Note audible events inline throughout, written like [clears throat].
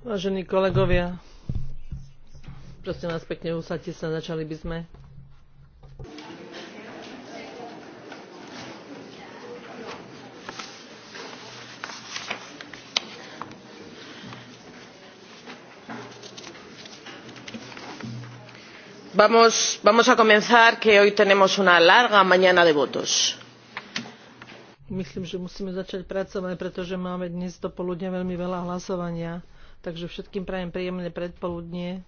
Vážení kolegovia, prosím vás pekne, usadte sa, začali by sme. Vamos, vamos a comenzar, que hoy tenemos una larga mañana de votos myslím, že musíme začať pracovať, pretože máme dnes do poludnia veľmi veľa hlasovania. Takže všetkým prajem príjemné predpoludnie.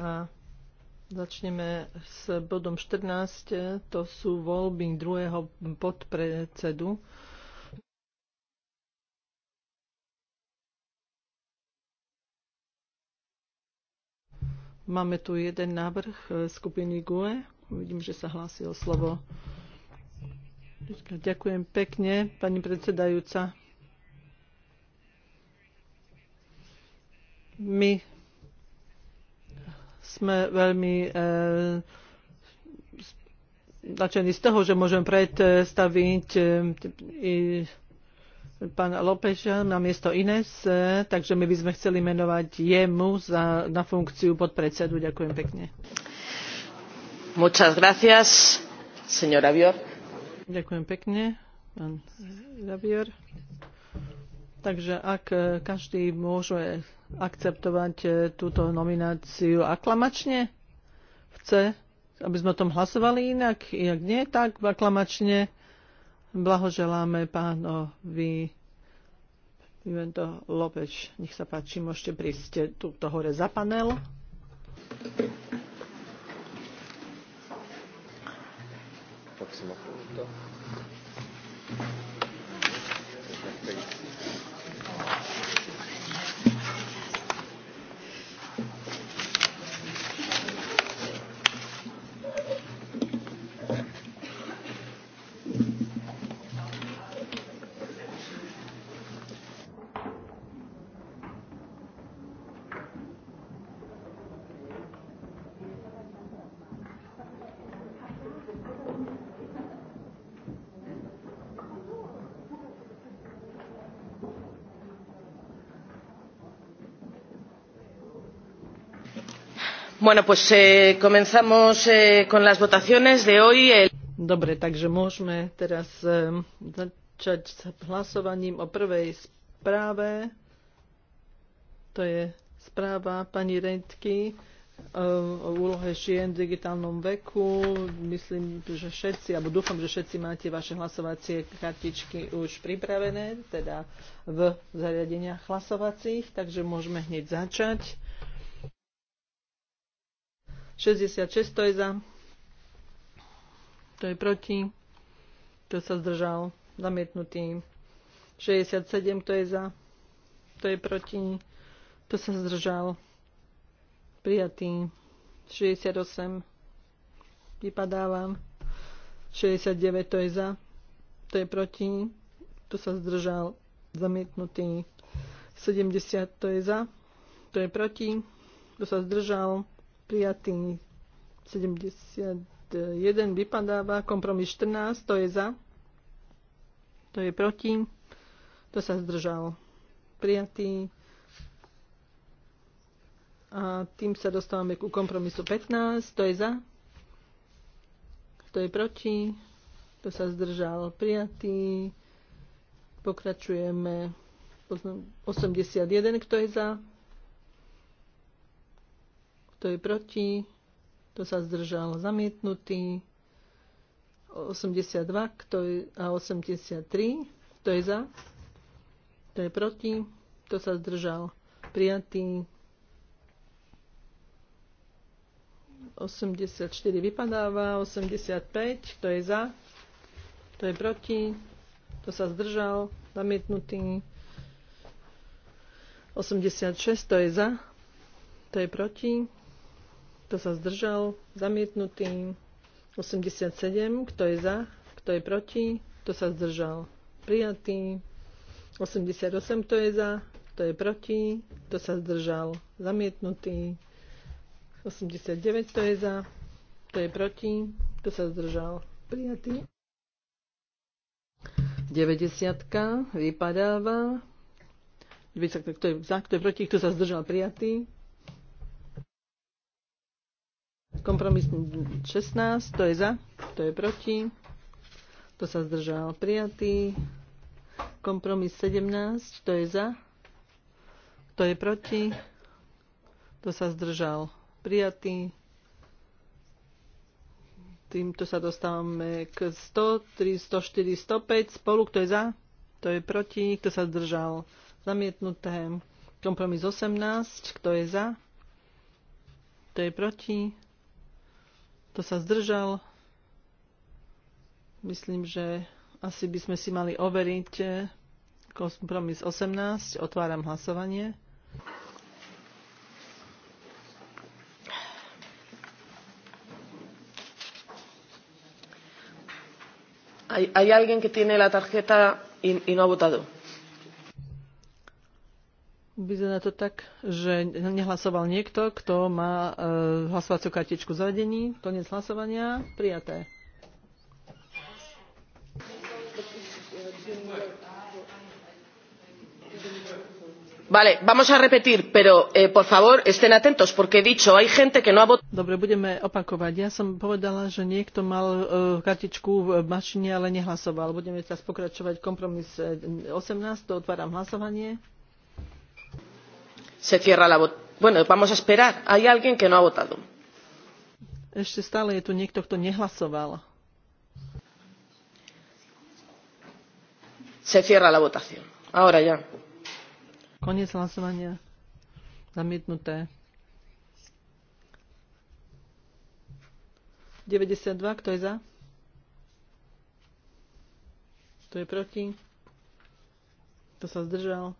A začneme s bodom 14. To sú voľby druhého podpredsedu. Máme tu jeden návrh skupiny GUE. Vidím, že sa hlásil slovo Ďakujem pekne, pani predsedajúca. My sme veľmi eh, nadšení z toho, že môžem predstaviť eh, pána Lópeža na miesto Ines, eh, takže my by sme chceli menovať jemu za, na funkciu podpredsedu. Ďakujem pekne. Muchas gracias, señora Bior. Ďakujem pekne, pán Javier. Takže ak e, každý môže akceptovať e, túto nomináciu aklamačne, chce, aby sme o tom hlasovali inak, Ak nie, tak aklamačne blahoželáme pánovi Vivento Lopeč. Nech sa páči, môžete prísť túto hore za panel. Proxima to. Bueno, pues eh, comenzamos eh, con las votaciones de hoy. El... Dobre, takže môžeme teraz eh, začať s hlasovaním o prvej správe. To je správa pani Rentky o úlohe žien v digitálnom veku. Myslím, že všetci, alebo dúfam, že všetci máte vaše hlasovacie kartičky už pripravené, teda v zariadeniach hlasovacích, takže môžeme hneď začať. 66 to je za. To je proti. To sa zdržal. Zamietnutý. 67 to je za. To je proti. To sa zdržal. Prijatý. 68. Vypadávam. 69 to je za. To je proti. To sa zdržal. Zamietnutý. 70 to je za. To je proti. To sa zdržal prijatý 71 vypadáva, kompromis 14, to je za, to je proti, to sa zdržal. Prijatý. A tým sa dostávame ku kompromisu 15, to je za, to je proti, to sa zdržal. Prijatý. Pokračujeme 81, kto je za, kto je proti? Kto sa zdržal? Zamietnutý. 82 kto je, a 83. Kto je za? Kto je proti? Kto sa zdržal? Prijatý. 84 vypadáva. 85. Kto je za? Kto je proti? Kto sa zdržal? Zamietnutý. 86. to je za? to je proti? Kto sa zdržal? Zamietnutý. 87. Kto je za? Kto je proti? Kto sa zdržal? Prijatý. 88. Kto je za? Kto je proti? Kto sa zdržal? Zamietnutý. 89. Kto je za? Kto je proti? Kto sa zdržal? Prijatý. 90. Vypadáva. Kto je za? Kto je proti? Kto sa zdržal? Prijatý. Kompromis 16, to je za, to je proti. To sa zdržal prijatý. Kompromis 17, to je za, to je proti. To sa zdržal prijatý. Týmto sa dostávame k 100, 304, 105 spolu, kto je za, kto je proti, kto sa zdržal zamietnuté. Kompromis 18, kto je za, kto je proti, to sa zdržal? Myslím, že asi by sme si mali overiť eh, kompromis 18. Otváram hlasovanie. Hay, hay alguien que tiene la tarjeta y, y no ha votado. Vyzerá to tak, že nehlasoval niekto, kto má e, hlasovaciu kartičku zavedení. Koniec hlasovania. Prijaté. Vale, vamos a repetir, pero eh, por favor estén atentos, porque he dicho, hay gente que no ha votado. Dobre, budeme opakovať. Ja som povedala, že niekto mal uh, kartičku v mašine, ale nehlasoval. Budeme teraz pokračovať kompromis 18, to otváram hlasovanie se cierra la bueno vamos a esperar hay alguien que no ha votado ešte stále je tu niekto kto nehlasoval se cierra la votación ahora ya koniec hlasovania zamietnuté 92 kto je za kto je proti kto sa zdržal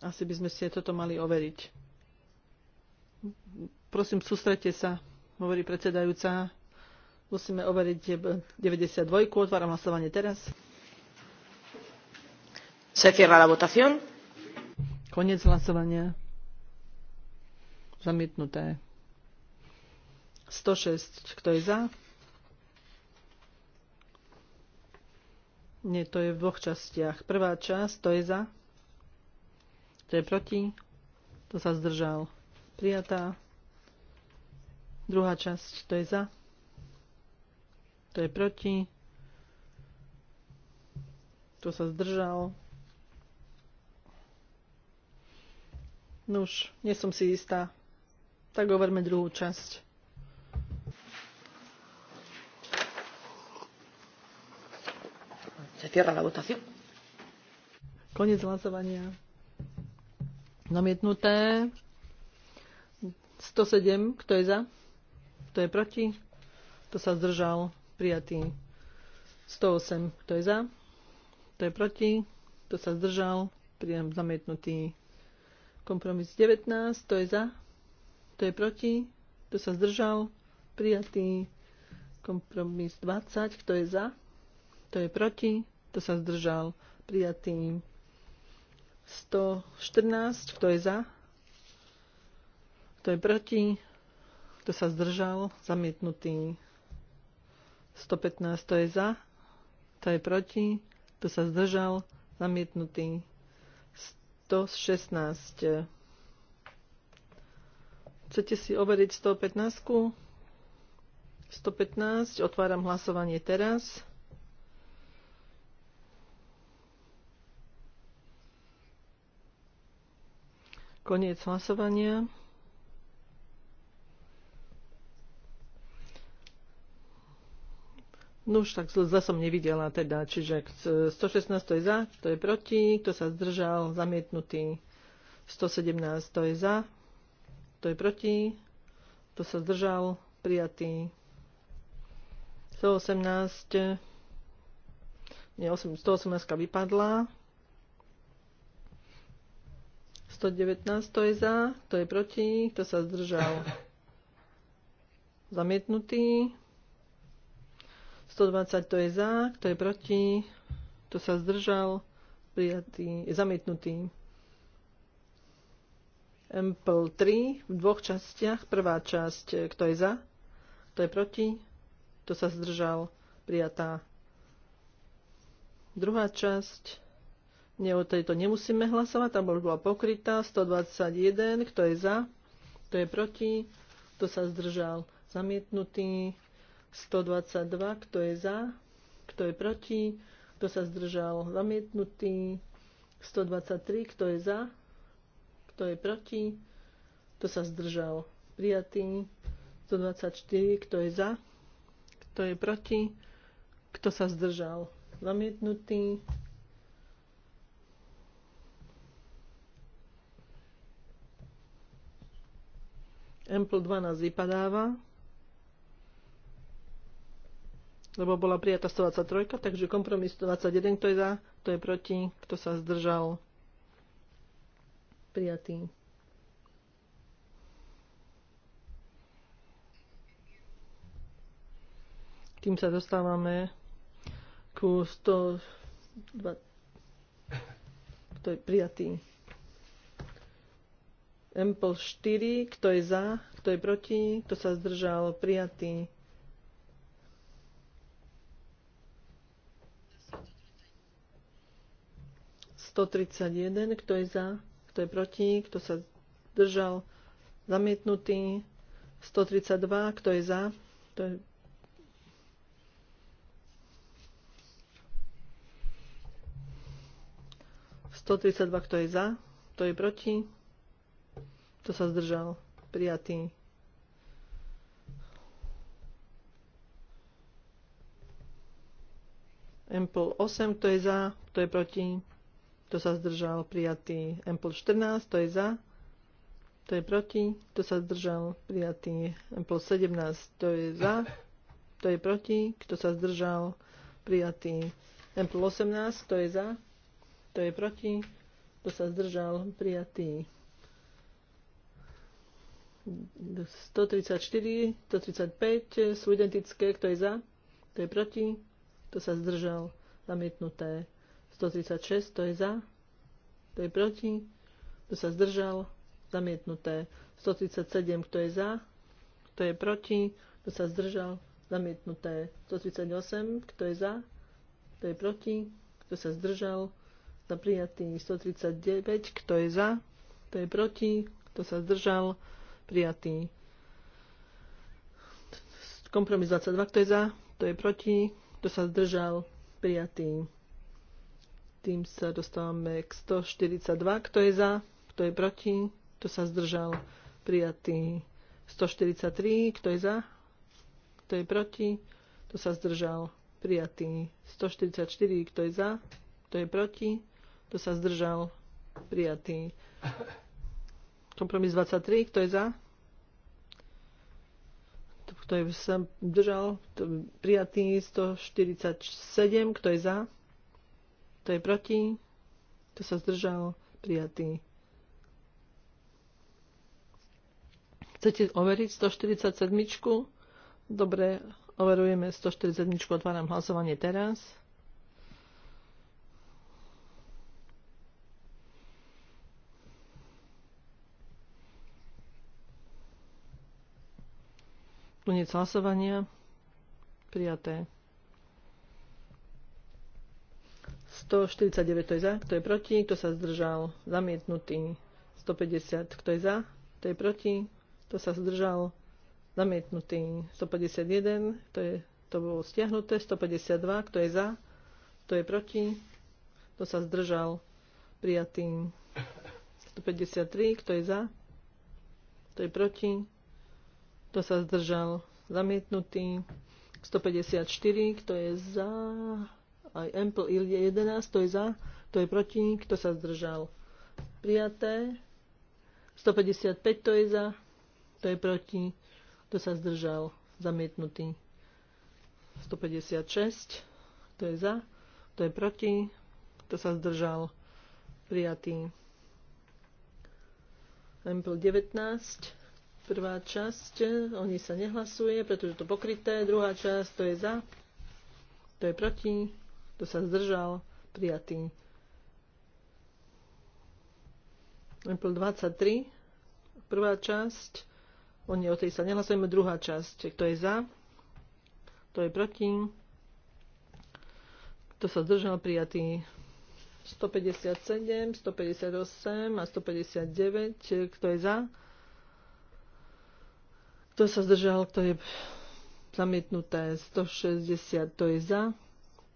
Asi by sme si toto mali overiť. Prosím, sústrete sa, hovorí predsedajúca. Musíme overiť 92. Otváram hlasovanie teraz. Se cierra la votación. Koniec hlasovania. Zamietnuté. 106. Kto je za? Nie, to je v dvoch častiach. Prvá časť, to je za? Kto je proti? Kto sa zdržal? Prijatá. Druhá časť. Kto je za? Kto je proti? Kto sa zdržal? Nuž, no nie som si istá. Tak overme druhú časť. Se cierra la votación. Koniec hlasovania. Zamietnuté. 107. Kto je za? Kto je proti? Kto sa zdržal? Prijatý. 108. Kto je za? Kto je proti? Kto sa zdržal? Prijem zamietnutý. Kompromis 19. Kto je za? Kto je proti? Kto sa zdržal? Prijatý. Kompromis 20. Kto je za? Kto je proti? Kto sa zdržal? Prijatý. 114, kto je za? Kto je proti? Kto sa zdržal? Zamietnutý. 115, to je za? Kto je proti? Kto sa zdržal? Zamietnutý. 116. Chcete si overiť 115? 115. Otváram hlasovanie teraz. Koniec hlasovania. No už tak zle som nevidela teda, čiže 116 to je za, to je proti, kto sa zdržal, zamietnutý. 117 to je za, to je proti, kto sa zdržal, prijatý. 118, nie, 118 vypadla. 119, to je za, to je proti, kto sa zdržal. Zamietnutý. 120, to je za, kto je proti, kto sa zdržal. Prijatý, zamietnutý. Ample 3 v dvoch častiach. Prvá časť, kto je za, kto je proti, kto sa zdržal, prijatá. Druhá časť, nie, o tejto nemusíme hlasovať, tam už bola pokrytá. 121, kto je za, kto je proti, kto sa zdržal, zamietnutý. 122, kto je za, kto je proti, kto sa zdržal, zamietnutý. 123, kto je za, kto je proti, kto sa zdržal, prijatý. 124, kto je za, kto je proti, kto sa zdržal, zamietnutý. M plus 12 vypadáva, lebo bola prijatá 123, takže kompromis 121, kto je za, kto je proti, kto sa zdržal, prijatý. Tým sa dostávame ku 102, kto je prijatý. Empol 4, kto je za, kto je proti, kto sa zdržal, prijatý. jeden, kto je za, kto je proti, kto sa zdržal, zamietnutý. 132, kto je za, kto je Sto kto je za, kto je proti, kto sa zdržal? Prijatý. Empol 8, to je za, to je proti, to sa zdržal, prijatý. Empol 14, to je za, to je proti, to sa zdržal, prijatý. Empol 17, to je za, to je proti, kto sa zdržal, prijatý. Empol 18, to je za, to je proti, Kto sa zdržal, prijatý. 134, 135 sú identické. Kto je za? Kto je proti? Kto sa zdržal? Zamietnuté. 136, to je za? Kto je proti? Kto sa zdržal? Zamietnuté. 137, kto je za? Kto je proti? Kto sa zdržal? Zamietnuté. 138, kto je za? Kto je proti? Kto sa zdržal? Za prijatý 139, kto je za? Kto je proti? Kto sa zdržal? prijatý. Kompromis 22, kto je za, kto je proti, kto sa zdržal, prijatý. Tým sa dostávame k 142, kto je za, kto je proti, kto sa zdržal, prijatý. 143, kto je za, kto je proti, kto sa zdržal, prijatý. 144, kto je za, kto je proti, kto sa zdržal, prijatý. Kompromis 23, kto je za? Kto je sa držal? Prijatý 147, kto je za? Kto je proti? Kto sa zdržal? Prijatý. Chcete overiť 147? Dobre, overujeme 147. Otváram hlasovanie teraz. Koniec hlasovania. Prijaté. 149, to je za, kto je proti, kto sa zdržal, zamietnutý. 150, kto je za, kto je proti, kto sa zdržal, zamietnutý. 151, to, je, to bolo stiahnuté. 152, kto je za, kto je proti, kto sa zdržal, prijatý. 153, kto je za, kto je proti, kto sa zdržal? Zamietnutý. 154. Kto je za? Aj Ample 11. Kto je za? Kto je proti? Kto sa zdržal? Prijaté. 155. Kto je za? Kto je proti? Kto sa zdržal? Zamietnutý. 156. Kto je za? Kto je proti? Kto sa zdržal? Prijatý. Ample 19 Prvá časť, eh, o nej sa nehlasuje, pretože to pokryté. Druhá časť, to je za, to je proti, to sa zdržal, prijatý. Apple 23, prvá časť, o nej o tej sa nehlasujeme, druhá časť, kto je za, To je proti, kto sa zdržal, prijatý. 157, 158 a 159, eh, kto je za, kto sa zdržal, kto je zamietnuté 160, to je za,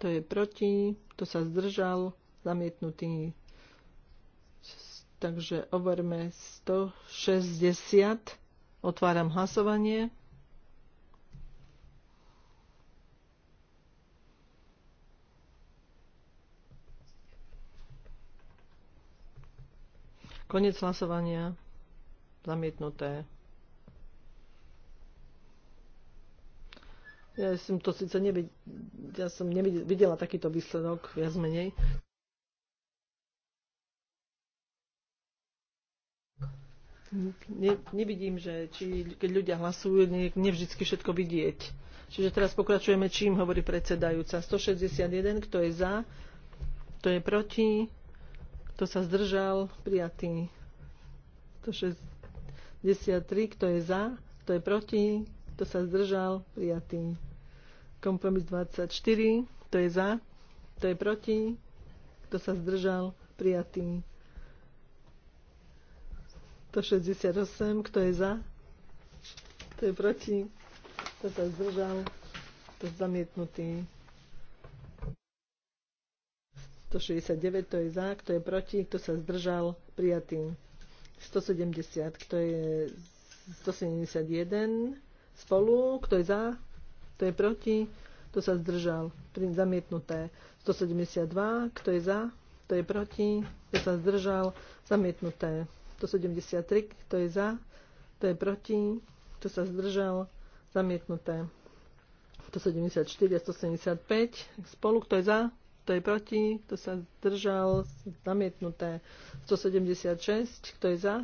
to je proti, kto sa zdržal, zamietnutý. Takže overme 160. Otváram hlasovanie. Konec hlasovania. Zamietnuté. Ja som to síce nevidela, ja som nevidela takýto výsledok, viac menej. Ne, nevidím, že či, keď ľudia hlasujú, ne, nevždy všetko vidieť. Čiže teraz pokračujeme, čím hovorí predsedajúca. 161, kto je za, kto je proti, kto sa zdržal, prijatý. 163, kto je za, kto je proti, kto sa zdržal, prijatý. Kompromis 24, kto je za, kto je proti, kto sa zdržal, prijatý. 168, kto je za, kto je proti, kto sa zdržal, to zamietnutý. 169, kto je za, kto je proti, kto sa zdržal, prijatý. 170, kto je 171, spolu, kto je za, kto je proti, kto sa zdržal, pri zamietnuté 172, kto je za, kto je proti, kto sa zdržal, zamietnuté 173, kto je za, kto je proti, kto sa zdržal, zamietnuté 174 a 175 spolu, kto je za, kto je proti, kto sa zdržal, zamietnuté 176, kto je za,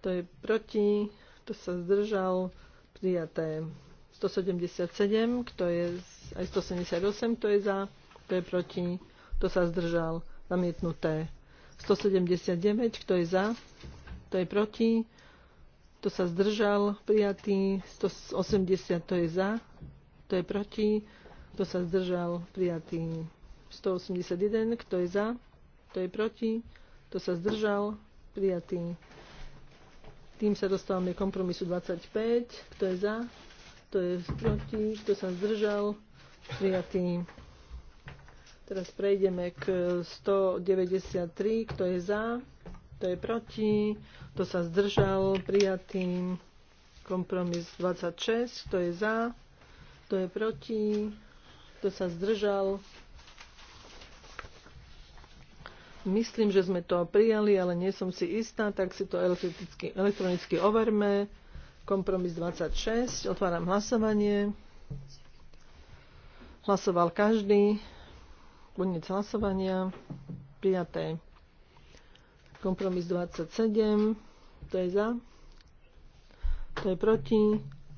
kto je proti, kto sa zdržal, prijaté 177, kto je aj 178, kto je za, kto je proti, kto sa zdržal, zamietnuté 179, kto je za, kto je proti, kto sa zdržal, prijatý 180, kto je za, kto je proti, kto sa zdržal, prijatý 181, kto je za, kto je proti, kto sa zdržal, prijatý tým sa dostávame k kompromisu 25. Kto je za? Kto je proti? Kto sa zdržal? Prijatý. Teraz prejdeme k 193. Kto je za? Kto je proti? Kto sa zdržal? Prijatý. Kompromis 26. Kto je za? Kto je proti? Kto sa zdržal? Myslím, že sme to prijali, ale nie som si istá, tak si to elektronicky, overme. Kompromis 26. Otváram hlasovanie. Hlasoval každý. Koniec hlasovania. Prijaté. Kompromis 27. To je za. To je proti.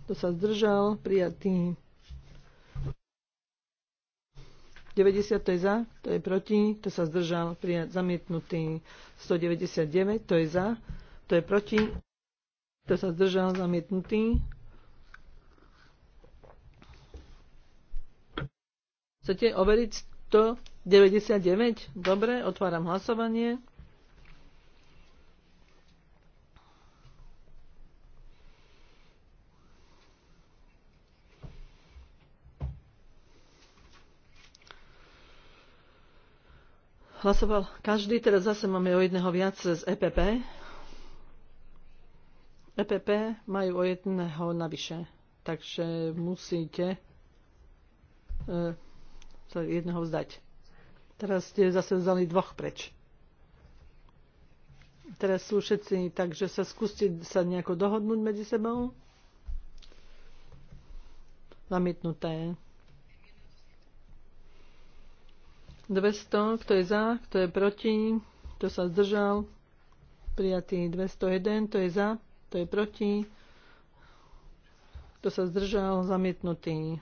To sa zdržal. Prijatý. 90 to je za, to je proti, to sa zdržal, prijat, zamietnutý 199, to je za, to je proti, to sa zdržal, zamietnutý. Chcete overiť 199? Dobre, otváram hlasovanie. Hlasoval každý, teraz zase máme o jedného viac z EPP. EPP majú o jedného navyše, takže musíte e, sa jedného vzdať. Teraz ste zase vzali dvoch preč. Teraz sú všetci, takže sa skúste sa nejako dohodnúť medzi sebou. Zamietnuté. 200, kto je za, kto je proti, kto sa zdržal. Prijatý 201, kto je za, kto je proti, kto sa zdržal, zamietnutý.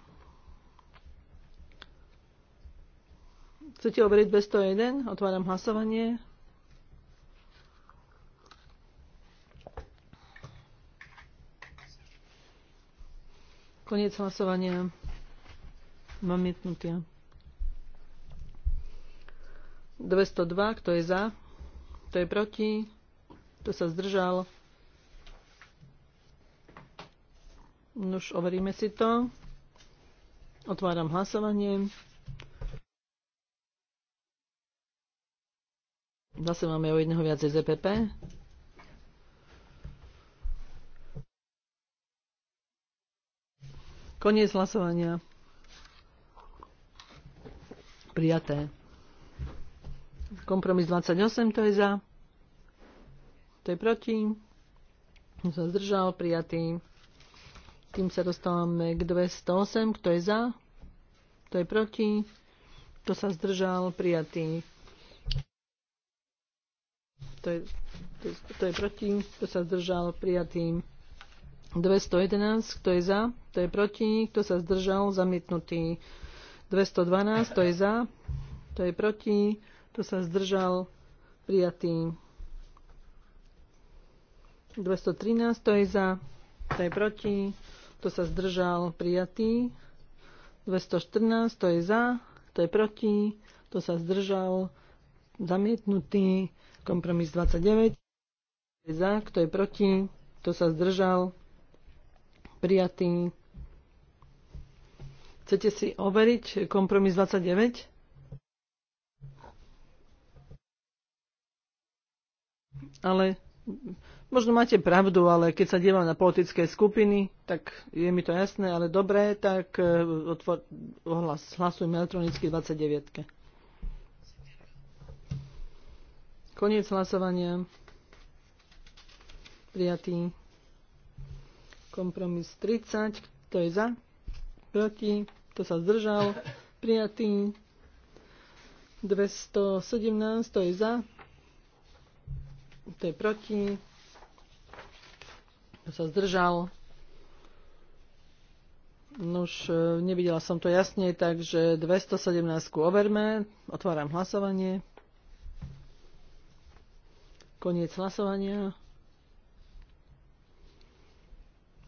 Chcete overiť 201? Otváram hlasovanie. Koniec hlasovania. mietnutia. 202, kto je za, kto je proti, kto sa zdržal. už overíme si to. Otváram hlasovanie. Zase máme o jedného viacej ZPP. E Koniec hlasovania. Prijaté. Kompromis 28, to je za. To je proti. Kto sa zdržal, prijatý. Tým sa dostávame k 208, kto je za. To je proti. Kto sa zdržal, prijatý. To je, to, je, to je proti. Kto sa zdržal, prijatý. 211, kto je za, to je proti, kto sa zdržal, zamietnutý. 212, to je za, to je proti, kto sa zdržal, prijatý. 213, to je za, to je proti, kto sa zdržal, prijatý. 214, to je za, to je proti, kto sa zdržal, zamietnutý. Kompromis 29, kto je za, kto je proti, kto sa zdržal, prijatý. Chcete si overiť kompromis 29? ale možno máte pravdu, ale keď sa dívam na politické skupiny, tak je mi to jasné, ale dobré, tak e, otvor, ohlas, hlasujme elektronicky 29. Koniec hlasovania. Prijatý. Kompromis 30. Kto je za? Proti? Kto sa zdržal? Prijatý. 217. To je za? Kto je proti? Kto sa zdržal? už e, nevidela som to jasne, takže 217 overme. Otváram hlasovanie. Koniec hlasovania.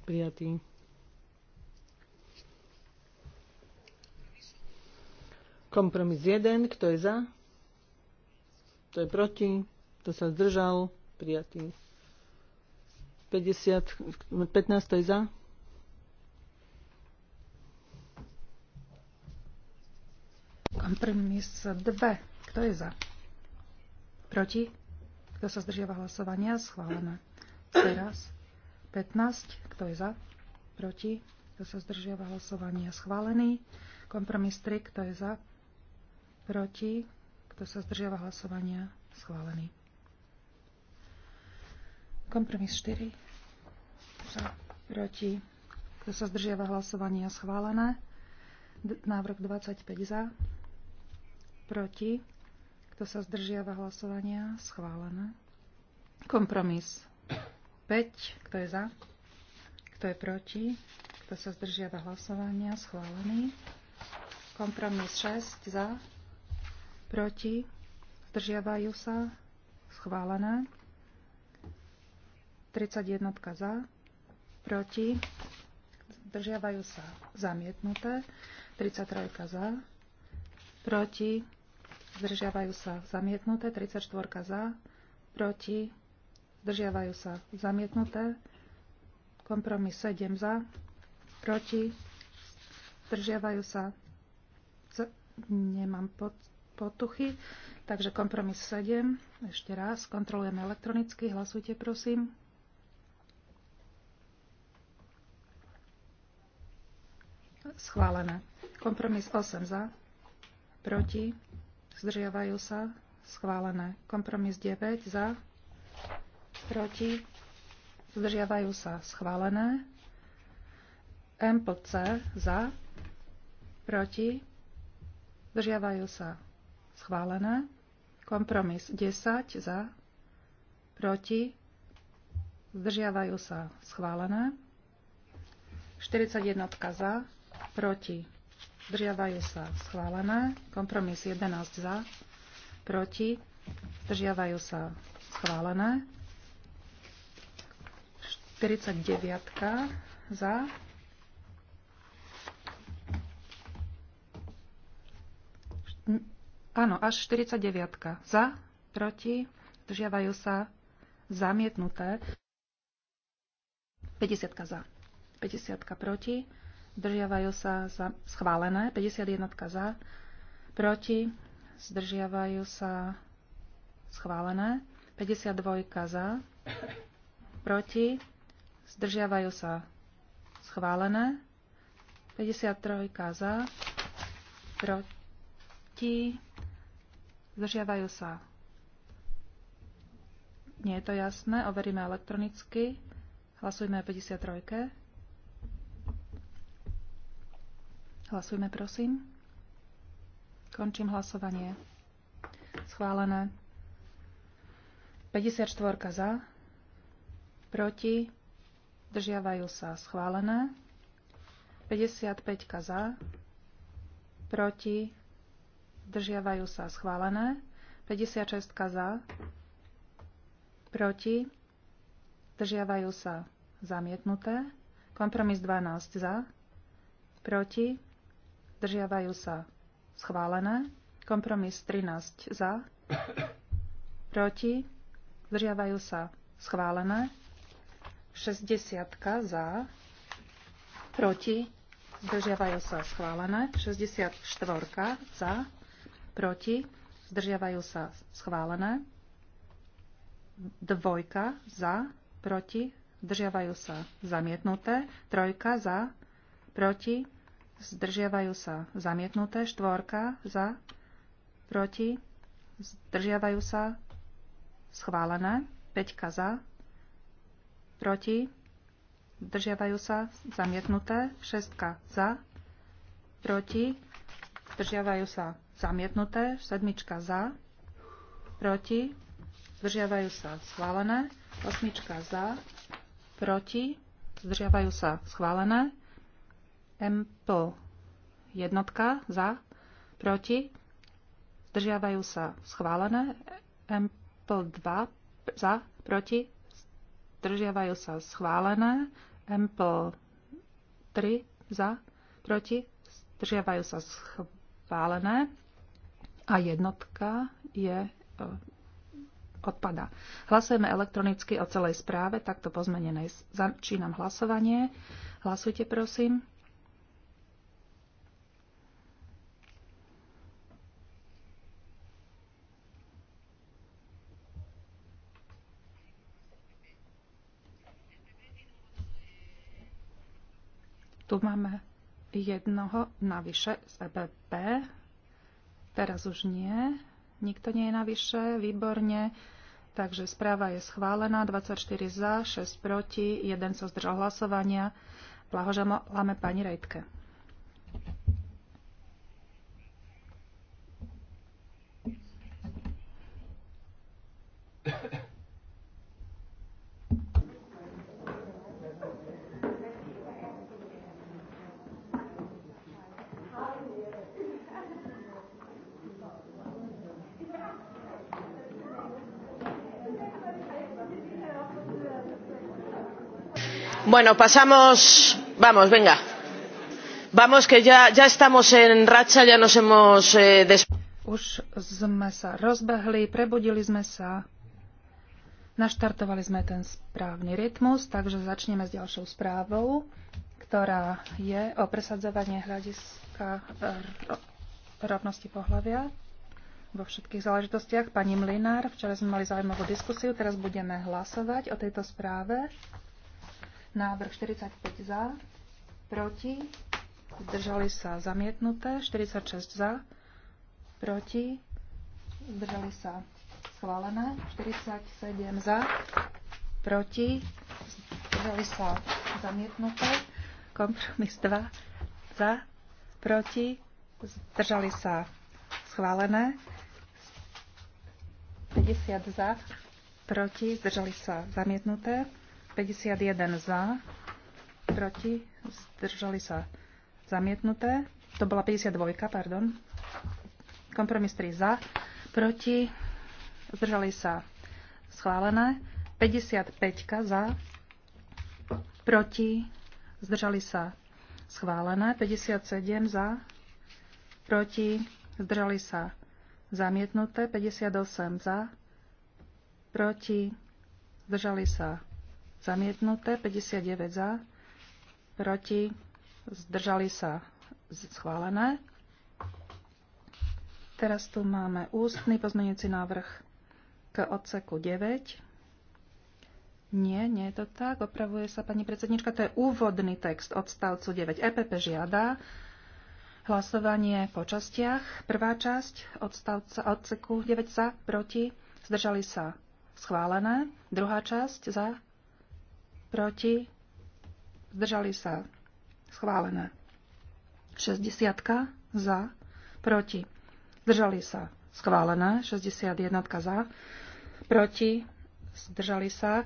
Prijatý. Kompromis 1. Kto je za? Kto je proti? kto sa zdržal, prijatý. 50, 15 to je za. Kompromis 2. Kto je za? Proti? Kto sa zdržiava hlasovania? Schválené. Teraz 15. Kto je za? Proti? Kto sa zdržiava hlasovania? Schválený. Kompromis 3. Kto je za? Proti? Kto sa zdržiava hlasovania? Schválený. Kompromis 4. Za, proti. Kto sa zdržiava hlasovania schválené. návrh 25 za. Proti. Kto sa zdržiava hlasovania schválené. Kompromis 5. Kto je za? Kto je proti? Kto sa zdržiava hlasovania schválený. Kompromis 6 za. Proti. Zdržiavajú sa schválené. 31 za, proti, zdržiavajú sa zamietnuté, 33 za, proti, zdržiavajú sa zamietnuté, 34 za, proti, zdržiavajú sa zamietnuté, kompromis 7 za, proti, zdržiavajú sa, z, nemám pod, potuchy, takže kompromis 7, ešte raz, kontrolujeme elektronicky, hlasujte prosím. Schválené. Kompromis 8 za. Proti. Zdržiavajú sa. Schválené. Kompromis 9 za. Proti. Zdržiavajú sa. Schválené. MPC za. Proti. Zdržiavajú sa. Schválené. Kompromis 10 za. Proti. Zdržiavajú sa. Schválené. 41 za proti, zdržiavajú sa schválené, kompromis 11 za, proti, zdržiavajú sa schválené, 49 za, áno, až 49 za, proti, zdržiavajú sa zamietnuté, 50 za, 50 proti, zdržiavajú sa za, schválené, 51 za, proti, zdržiavajú sa schválené, 52 za, proti, zdržiavajú sa schválené, 53 za, proti, zdržiavajú sa. Nie je to jasné, overíme elektronicky. Hlasujme o 53. Hlasujme, prosím. Končím hlasovanie. Schválené. 54 za. Proti. Držiavajú sa. Schválené. 55 za. Proti. Držiavajú sa. Schválené. 56 za. Proti. Držiavajú sa. Zamietnuté. Kompromis 12 za. Proti. Zdržiavajú sa schválené. Kompromis 13 za. Proti. Zdržiavajú sa schválené. 60 za. Proti. Zdržiavajú sa schválené. 64 za. Proti. Zdržiavajú sa schválené. Dvojka za. Proti. Zdržiavajú sa zamietnuté. Trojka za. Proti zdržiavajú sa zamietnuté, štvorka za, proti, zdržiavajú sa schválené, peťka za, proti, zdržiavajú sa zamietnuté, šestka za, proti, zdržiavajú sa zamietnuté, sedmička za, proti, zdržiavajú sa schválené, osmička za, proti, zdržiavajú sa schválené, MP jednotka za, proti, zdržiavajú sa schválené, mp 2 za, proti, zdržiavajú sa schválené, MP 3 za, proti, zdržiavajú sa schválené a jednotka je e, odpada. Hlasujeme elektronicky o celej správe, takto pozmenenej. Začínam hlasovanie. Hlasujte, prosím. Tu máme jednoho navyše z EBP. Teraz už nie. Nikto nie je navyše. Výborne. Takže správa je schválená. 24 za, 6 proti, 1 sa zdržal hlasovania. Blahoželáme pani Rejtke. Yeah. [laughs] Bueno, pasamos. Vamos, venga. Vamos, que ya, ya estamos en racha, ya nos hemos. Eh, des... Už sme sa rozbehli, prebudili sme sa, naštartovali sme ten správny rytmus, takže začneme s ďalšou správou, ktorá je o presadzovanie hľadiska eh, rovnosti pohľavia vo všetkých záležitostiach. Pani Mlinár, včera sme mali zaujímavú diskusiu, teraz budeme hlasovať o tejto správe. Návrh 45 za, proti, zdržali sa zamietnuté, 46 za, proti, zdržali sa schválené, 47 za, proti, zdržali sa zamietnuté, kompromis 2 za, proti, zdržali sa schválené, 50 za, proti, zdržali sa zamietnuté, 51 za, proti, zdržali sa zamietnuté. To bola 52, pardon. Kompromis 3 za, proti, zdržali sa schválené. 55 za, proti, zdržali sa schválené. 57 za, proti, zdržali sa zamietnuté. 58 za, proti, zdržali sa Zamietnuté 59 za. Proti. Zdržali sa. Schválené. Teraz tu máme ústny pozmeňujúci návrh k odseku 9. Nie, nie je to tak. Opravuje sa pani predsednička. To je úvodný text odstavcu 9. EPP žiada hlasovanie po častiach. Prvá časť odstavca odseku 9 za, proti, zdržali sa schválené. Druhá časť za, proti, zdržali sa, schválené. 60 za, proti, zdržali sa, schválené. 61 za, proti, zdržali sa,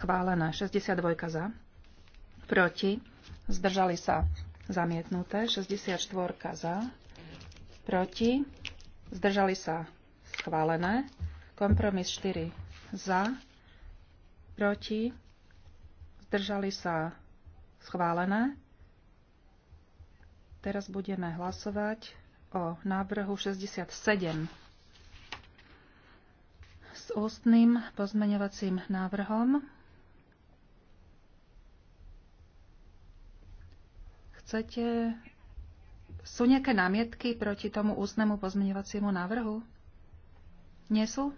schválené. 62 za, proti, zdržali sa, zamietnuté. 64 za, proti, zdržali sa, schválené. Kompromis 4 za, proti, zdržali sa schválené. Teraz budeme hlasovať o návrhu 67 s ústnym pozmeňovacím návrhom. Chcete... Sú nejaké námietky proti tomu ústnemu pozmeňovaciemu návrhu? Nie sú?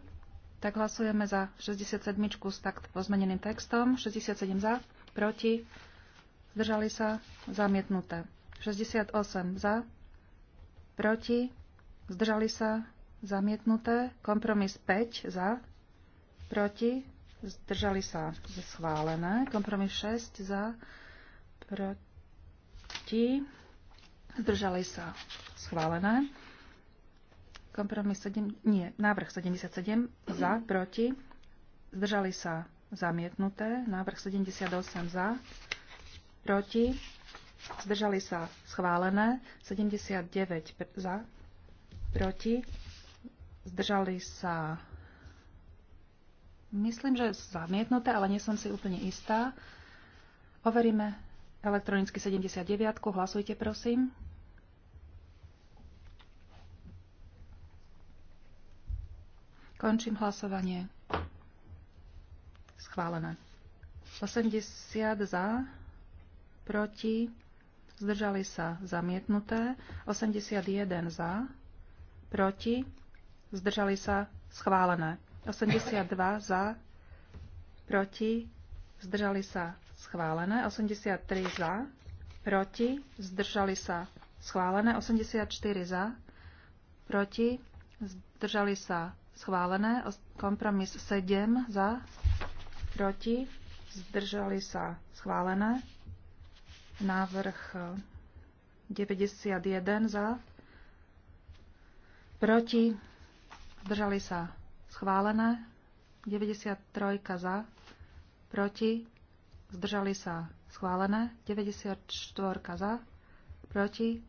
Tak hlasujeme za 67 s tak pozmeneným textom. 67 za, proti, zdržali sa, zamietnuté. 68 za, proti, zdržali sa, zamietnuté. Kompromis 5 za, proti, zdržali sa, schválené. Kompromis 6 za, proti, zdržali sa, schválené. Kompromis 7, nie, návrh 77 za, proti, zdržali sa zamietnuté, návrh 78 za, proti, zdržali sa schválené, 79 za, proti, zdržali sa, myslím, že zamietnuté, ale nie som si úplne istá. Overíme elektronicky 79, hlasujte prosím. Končím hlasovanie. Schválené. 80 za, proti, zdržali sa zamietnuté, 81 za, proti, zdržali sa schválené, 82 za, proti, zdržali sa schválené, 83 za, proti, zdržali sa schválené, 84 za, proti, zdržali sa schválené. Kompromis 7 za, proti, zdržali sa schválené. Návrh 91 za, proti, zdržali sa schválené. 93 za, proti, zdržali sa schválené. 94 za, proti,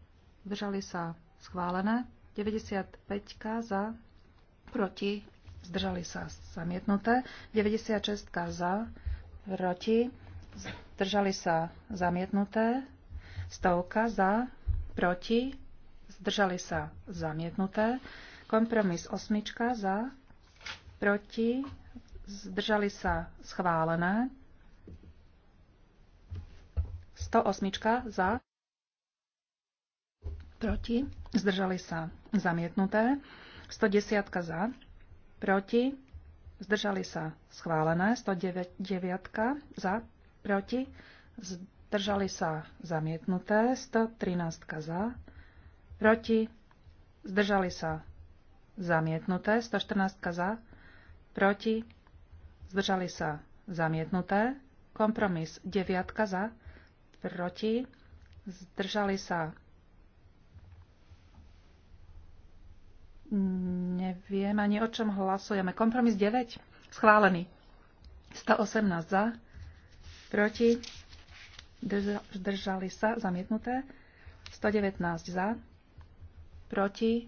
zdržali sa schválené. 95 za, proti, zdržali sa zamietnuté, 96 za, proti, zdržali sa zamietnuté, stovka za, proti, zdržali sa zamietnuté, kompromis osmička za, proti, zdržali sa schválené, 108 za, proti, zdržali sa zamietnuté, 110 za, proti, zdržali sa schválené, 109 za, proti, zdržali sa zamietnuté, 113 za, proti, zdržali sa zamietnuté, 114 za, proti, zdržali sa zamietnuté, kompromis 9 za, proti, zdržali sa Neviem ani o čom hlasujeme. Kompromis 9. Schválený. 118 za. Proti. Zdržali sa. Zamietnuté. 119 za. Proti.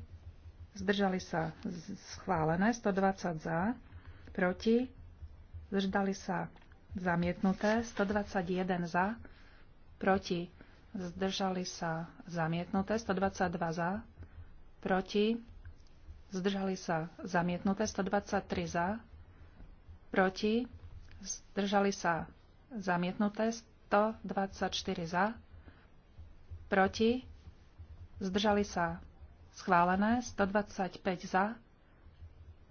Zdržali sa. Schválené. 120 za. Proti. Zdržali sa. Zamietnuté. 121 za. Proti. Zdržali sa. Zamietnuté. 122 za. Proti zdržali sa zamietnuté, 123 za, proti, zdržali sa zamietnuté, 124 za, proti, zdržali sa schválené, 125 za,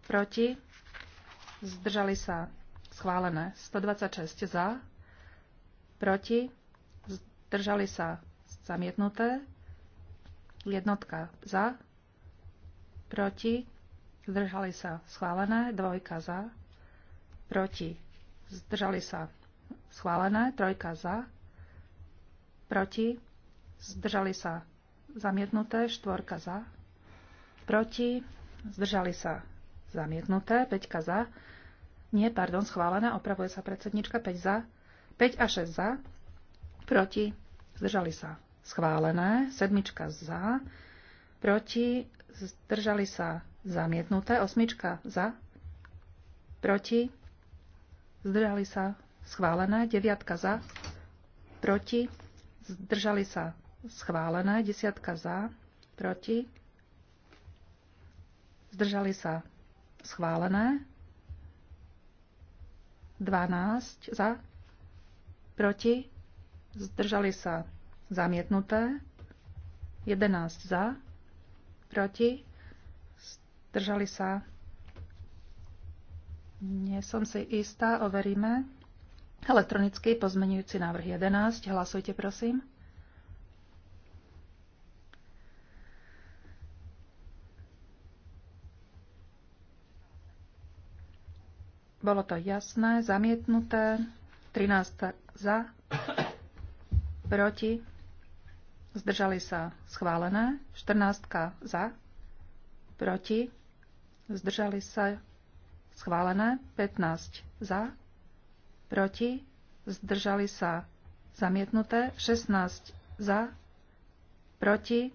proti, zdržali sa schválené, 126 za, proti, zdržali sa zamietnuté, jednotka za, proti, zdržali sa schválené, dvojka za, proti, zdržali sa schválené, trojka za, proti, zdržali sa zamietnuté, štvorka za, proti, zdržali sa zamietnuté, peťka za, nie, pardon, schválené, opravuje sa predsednička, 5 za, 5 a 6 za, proti, zdržali sa schválené, sedmička za, proti, zdržali sa zamietnuté, osmička za, proti, zdržali sa schválené, deviatka za, proti, zdržali sa schválené, desiatka za, proti, zdržali sa schválené, 12 za, proti, zdržali sa zamietnuté, 11 za, Proti? Držali sa? Nie som si istá, overíme. Elektronický pozmenujúci návrh 11. Hlasujte, prosím. Bolo to jasné, zamietnuté. 13 za, proti, zdržali sa schválené, 14 za, proti, zdržali sa schválené, 15 za, proti, zdržali sa zamietnuté, 16 za, proti,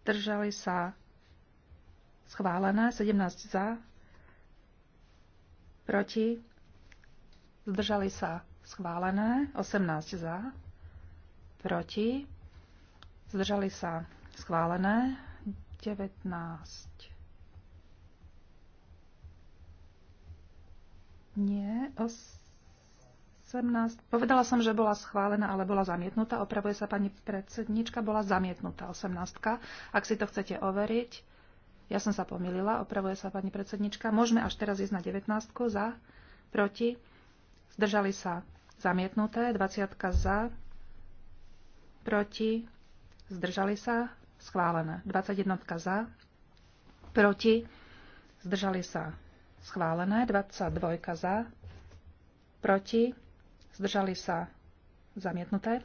zdržali sa schválené, 17 za, proti, zdržali sa schválené, 18 za, proti, Zdržali sa schválené. 19. Nie, 18. Povedala som, že bola schválená, ale bola zamietnutá. Opravuje sa pani predsednička, bola zamietnutá 18. Ak si to chcete overiť, ja som sa pomýlila, opravuje sa pani predsednička. Môžeme až teraz ísť na 19. za, proti. Zdržali sa zamietnuté, 20. za, proti zdržali sa, schválené. 21 za, proti, zdržali sa, schválené. 22 za, proti, zdržali sa, zamietnuté.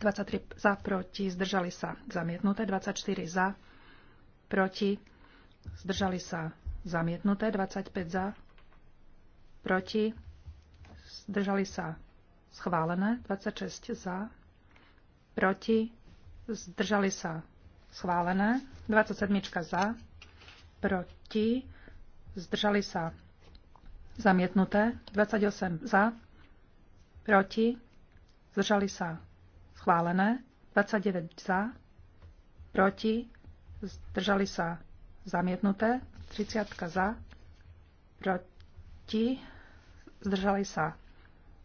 23 za, proti, zdržali sa, zamietnuté. 24 za, proti, zdržali sa, zamietnuté. 25 za, proti, zdržali sa, schválené. 26 za, proti, zdržali sa schválené, 27 za, proti, zdržali sa zamietnuté, 28 za, proti, zdržali sa schválené, 29 za, proti, zdržali sa zamietnuté, 30 za, proti, zdržali sa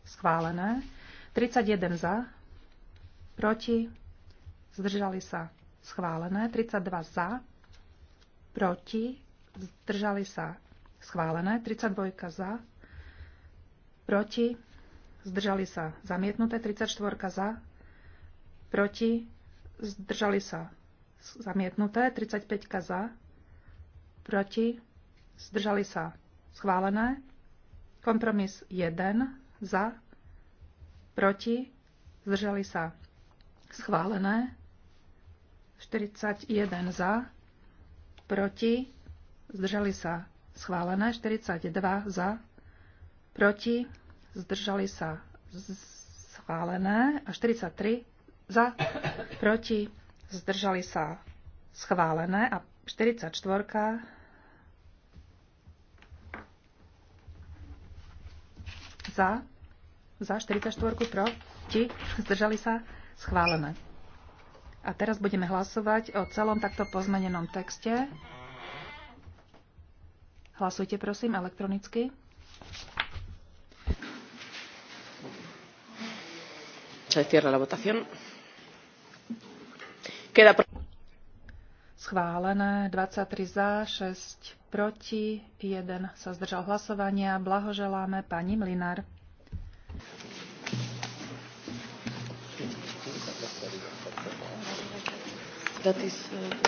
schválené, 31 za, proti, zdržali sa schválené, 32 za, proti, zdržali sa schválené, 32 za, proti, zdržali sa zamietnuté, 34 za, proti, zdržali sa zamietnuté, 35 za, proti, zdržali sa schválené, kompromis 1 za, proti, zdržali sa Schválené. 41 za. Proti. Zdržali sa. Schválené. 42 za. Proti. Zdržali sa. Schválené. A 43 za. Proti. Zdržali sa. Schválené. A 44 za, za 44 proti, zdržali sa Schválené. A teraz budeme hlasovať o celom takto pozmenenom texte. Hlasujte prosím elektronicky. Schválené 23 za, 6 proti, 1 sa zdržal hlasovania. Blahoželáme pani Mlinár. that is uh,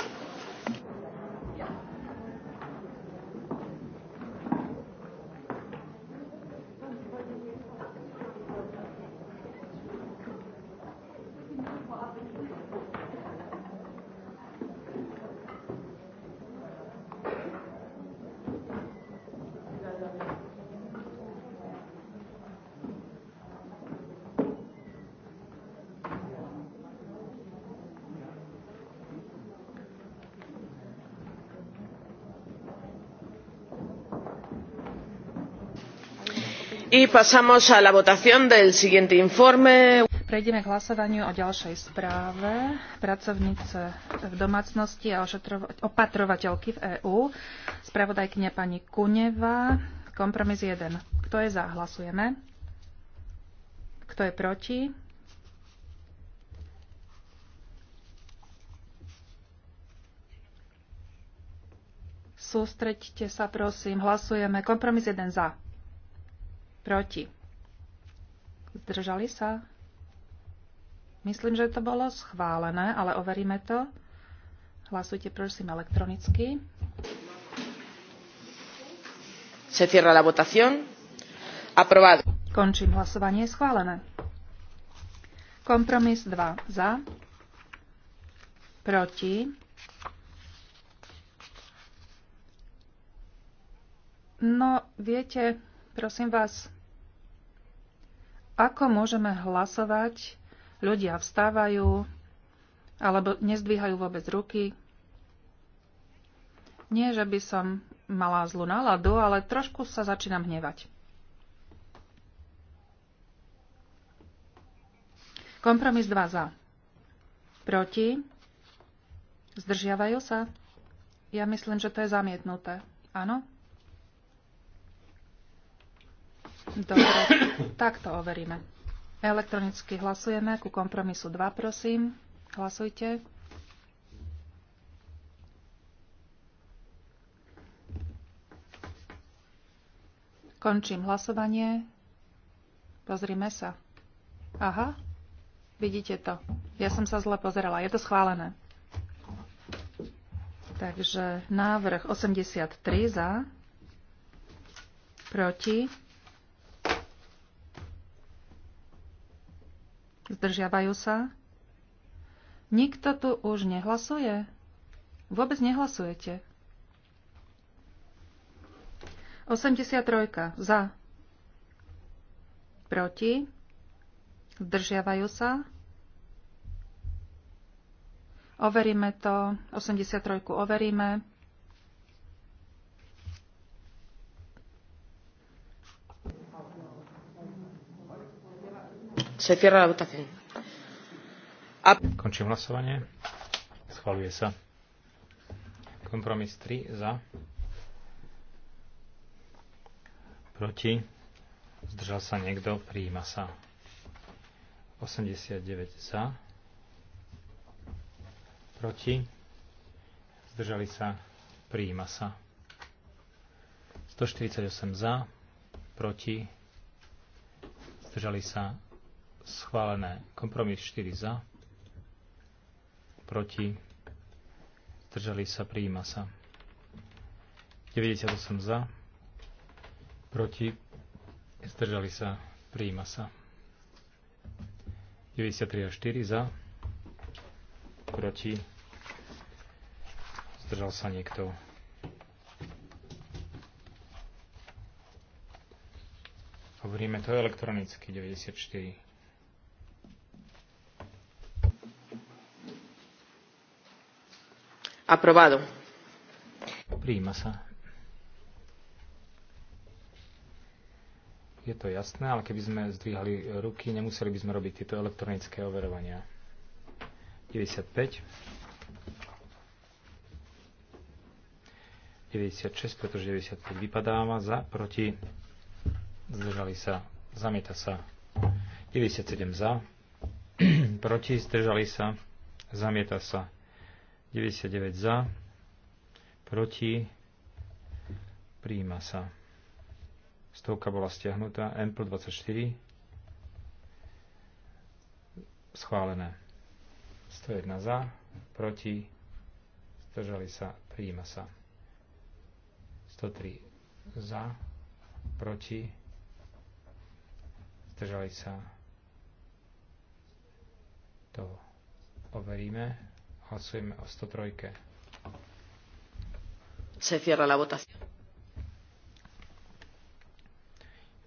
Prejdeme k hlasovaniu o ďalšej správe pracovnice v domácnosti a opatrovateľky v EÚ. spravodajkyňa pani Kuneva. Kompromis 1. Kto je za? Hlasujeme. Kto je proti? Sústreďte sa, prosím. Hlasujeme. Kompromis 1 za. Proti. Zdržali sa? Myslím, že to bolo schválené, ale overíme to. Hlasujte prosím elektronicky. Se cierra la votación. Aprobado. Končím hlasovanie. Schválené. Kompromis 2. Za. Proti. No, viete, prosím vás, ako môžeme hlasovať? Ľudia vstávajú alebo nezdvíhajú vôbec ruky. Nie, že by som mala zlú náladu, ale trošku sa začínam hnevať. Kompromis 2 za. Proti. Zdržiavajú sa. Ja myslím, že to je zamietnuté. Áno? Dobre, tak to overíme. Elektronicky hlasujeme ku kompromisu 2, prosím. Hlasujte. Končím hlasovanie. Pozrime sa. Aha, vidíte to. Ja som sa zle pozerala. Je to schválené. Takže návrh 83 za, proti, Zdržiavajú sa? Nikto tu už nehlasuje? Vôbec nehlasujete. 83. Za. Proti. Zdržiavajú sa. Overíme to. 83. Overíme. Se cierra la votación. A... Končím hlasovanie. Schvaluje sa. Kompromis 3 za. Proti. Zdržal sa niekto. Prijíma sa. 89 za. Proti. Zdržali sa. Prijíma sa. 148 za. Proti. Zdržali sa schválené. Kompromis 4 za, proti, zdržali sa, prijíma sa. 98 za, proti, zdržali sa, prijíma sa. 93 a 4 za, proti, zdržal sa niekto. Hovoríme to elektronicky, 94. aprobado. Príjima sa. Je to jasné, ale keby sme zdvíhali ruky, nemuseli by sme robiť tieto elektronické overovania. 95. 96, pretože 95 vypadáva za, proti, zdržali sa, zamieta sa, 97 za, [clears throat] proti, zdržali sa, zamieta sa, 99 za, proti, príjima sa. Stovka bola stiahnutá, plus 24, schválené. 101 za, proti, zdržali sa, príjima sa. 103 za, proti, zdržali sa. To overíme. Hlasujeme o 103. Se cierra la votación.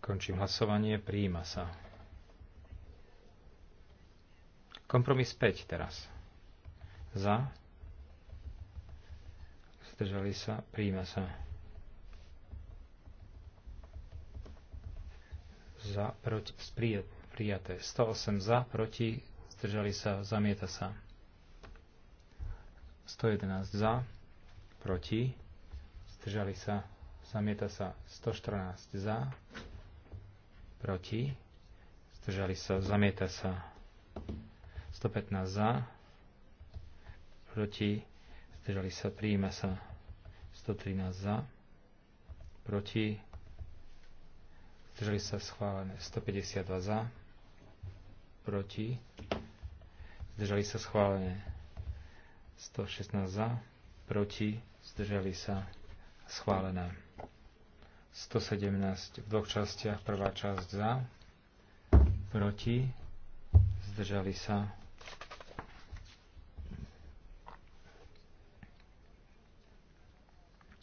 Končím hlasovanie. Prijíma sa. Kompromis 5 teraz. Za. Zdržali sa. Prijíma sa. Za. Proti. Prijaté. 108 za. Proti. Zdržali sa. Zamieta sa. 111 za, proti, zdržali sa, zamieta sa 114 za, proti, zdržali sa, zamieta sa 115 za, proti, zdržali sa, prijíma sa 113 za, proti, zdržali sa schválené 152 za, proti, zdržali sa schválené 116 za, proti, zdržali sa, schválené. 117 v dvoch častiach, prvá časť za, proti, zdržali sa,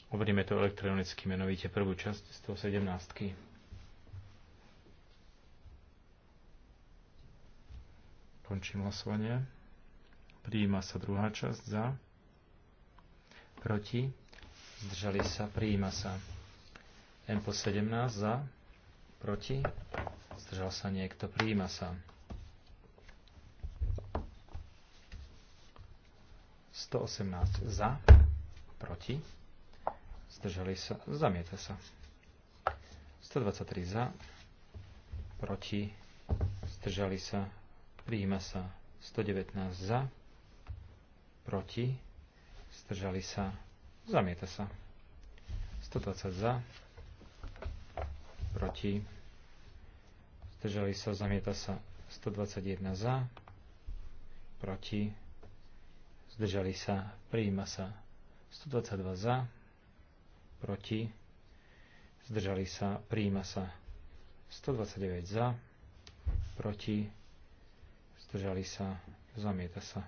Uvedíme to elektronicky, menovite prvú časť 117. Končím hlasovanie. Prijíma sa druhá časť za. Proti. Zdržali sa. Prijíma sa. MPO 17 za. Proti. Zdržal sa niekto. Prijíma sa. 118 za. Proti. Zdržali sa. Zamieta sa. 123 za. Proti. Zdržali sa. Prijíma sa. 119 za proti, zdržali sa, zamieta sa. 120 za, proti, zdržali sa, zamieta sa. 121 za, proti, zdržali sa, prijíma sa. 122 za, proti, zdržali sa, prijíma sa. 129 za, proti, zdržali sa, zamieta sa.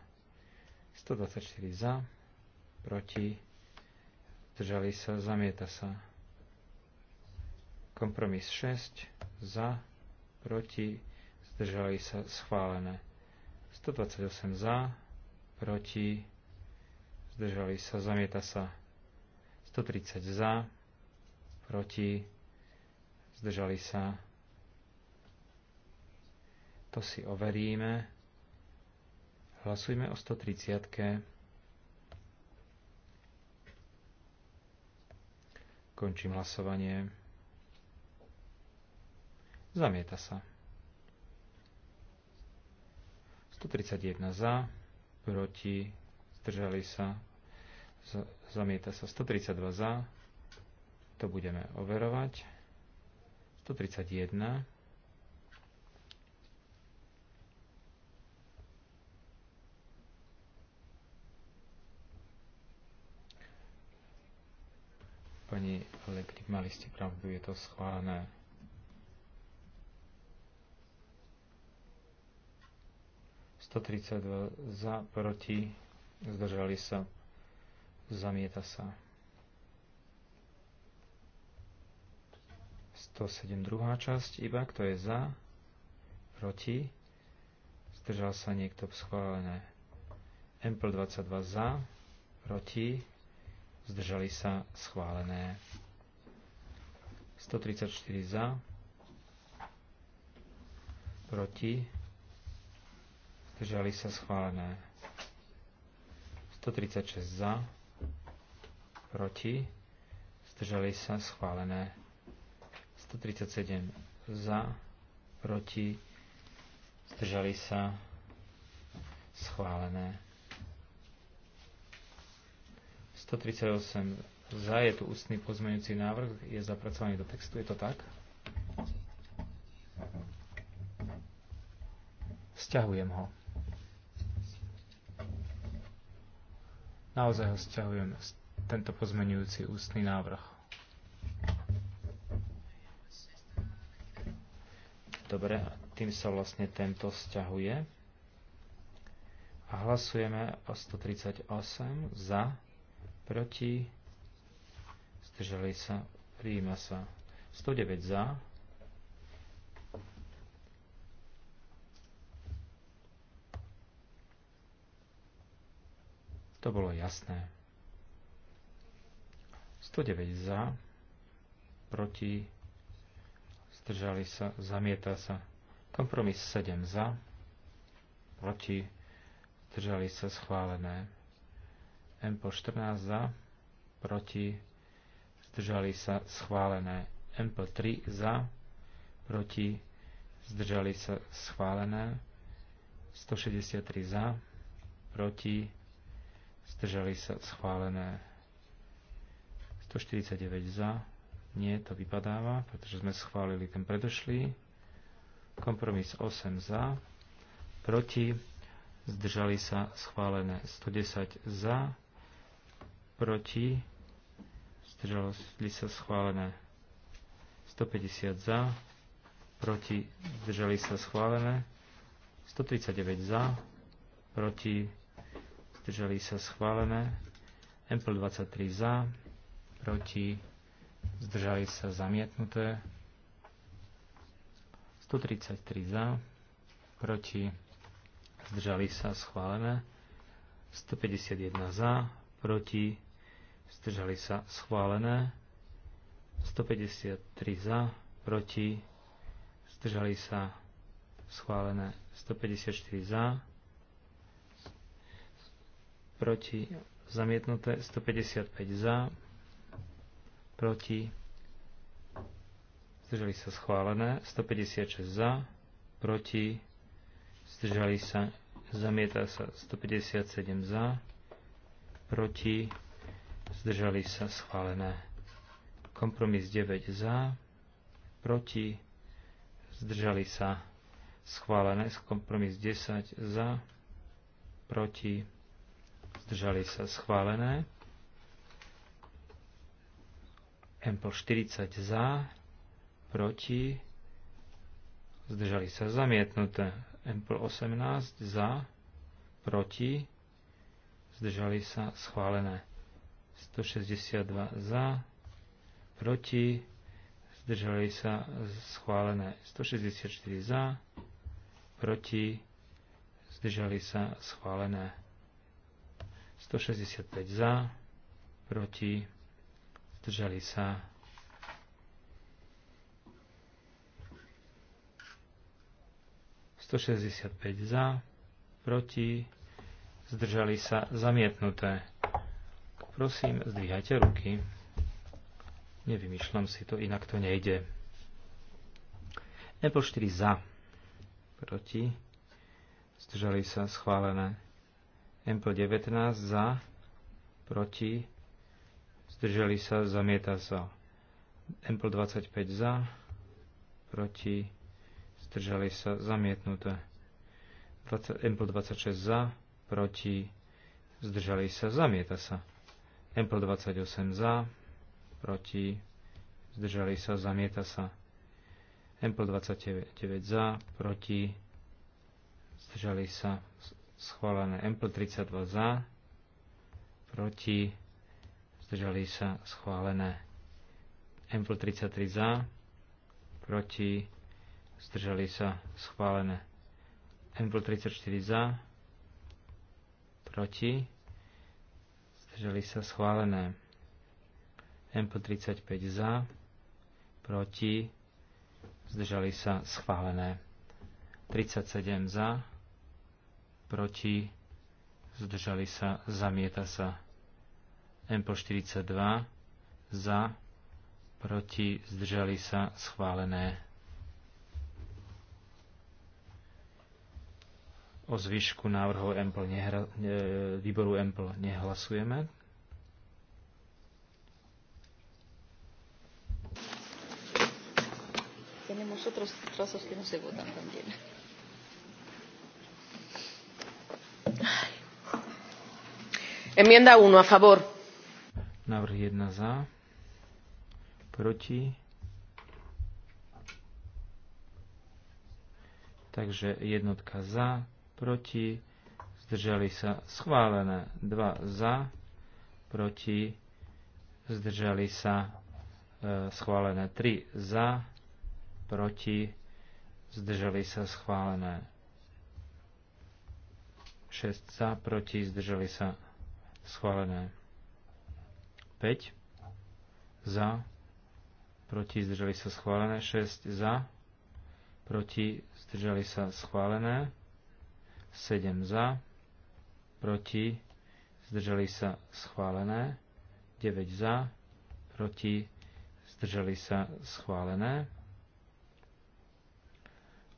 124 za, proti, zdržali sa, zamieta sa. Kompromis 6 za, proti, zdržali sa, schválené. 128 za, proti, zdržali sa, zamieta sa. 130 za, proti, zdržali sa. To si overíme. Hlasujme o 130. Končím hlasovanie. Zamieta sa. 131 za, proti, zdržali sa, zamieta sa 132 za, to budeme overovať. 131 Pani Allegri, mali ste pravdu, je to schválené. ...132 za, proti, zdržali sa, zamieta sa. 107 druhá časť iba, kto je za, proti, zdržal sa niekto schválené. Mpl 22 za, proti, zdržali sa schválené. 134 za, proti, zdržali sa schválené. 136 za, proti, zdržali sa schválené. 137 za, proti, zdržali sa schválené. 138 za, je tu ústny pozmeňujúci návrh, je zapracovaný do textu, je to tak? Sťahujem ho. Naozaj ho sťahujem, tento pozmenujúci ústny návrh. Dobre, tým sa vlastne tento sťahuje. A hlasujeme o 138 za, proti, zdržali sa, prijíma sa 109 za, To bolo jasné. 109 za, proti, zdržali sa, zamieta sa. Kompromis 7 za, proti, zdržali sa schválené. MPO 14 za, proti, zdržali sa schválené. MPO 3 za, proti, zdržali sa schválené. 163 za, proti, zdržali sa schválené. 149 za, nie, to vypadáva, pretože sme schválili ten predošlý. Kompromis 8 za, proti, zdržali sa schválené 110 za, proti, zdržali sa schválené. 150 za, proti, zdržali sa schválené. 139 za, proti, zdržali sa schválené. Ample 23 za, proti, zdržali sa zamietnuté. 133 za, proti, zdržali sa schválené. 151 za, proti, zdržali sa schválené, 153 za, proti, zdržali sa schválené, 154 za, proti, zamietnuté, 155 za, proti, zdržali sa schválené, 156 za, proti, zdržali sa, zamieta sa 157 za, proti, zdržali sa schválené. Kompromis 9 za, proti, zdržali sa schválené. Kompromis 10 za, proti, zdržali sa schválené. Empl 40 za, proti, zdržali sa zamietnuté. Empl 18 za, proti, zdržali sa schválené. 162 za, proti, zdržali sa schválené 164 za, proti, zdržali sa schválené 165 za, proti, zdržali sa 165 za, proti, zdržali sa zamietnuté. Prosím, zdvíhajte ruky. Nevymýšľam si to, inak to nejde. Apple 4 za. Proti. Zdržali sa schválené. Apple 19 za. Proti. Zdržali sa, zamieta sa. Apple 25 za. Proti. Zdržali sa, zamietnuté. Apple 26 za. Proti. Zdržali sa, zamieta sa. Empl 28 za, proti, zdržali sa, zamieta sa. Empl 29 za, proti, zdržali sa, schválené. Empl 32 za, proti, zdržali sa, schválené. Empl 33 za, proti, zdržali sa, schválené. Empl 34 za, proti, Zdržali sa schválené. MP35 za, proti, zdržali sa schválené. 37 za, proti, zdržali sa, zamieta sa. MP42 za, proti, zdržali sa schválené. O zvyšku návrhov EMPL nehra, ne, výboru EMPL nehlasujeme. Tenemos otros trozos que no se votan también. Enmienda 1 a favor. Návrh 1 za. Proti. Takže jednotka za proti, zdržali sa schválené 2 za, proti, zdržali sa e, schválené 3 za, proti, zdržali sa schválené 6 za, proti, zdržali sa schválené 5 za, proti, zdržali sa schválené 6 za, proti, zdržali sa schválené 7 za, proti, zdržali sa schválené, 9 za, proti, zdržali sa schválené.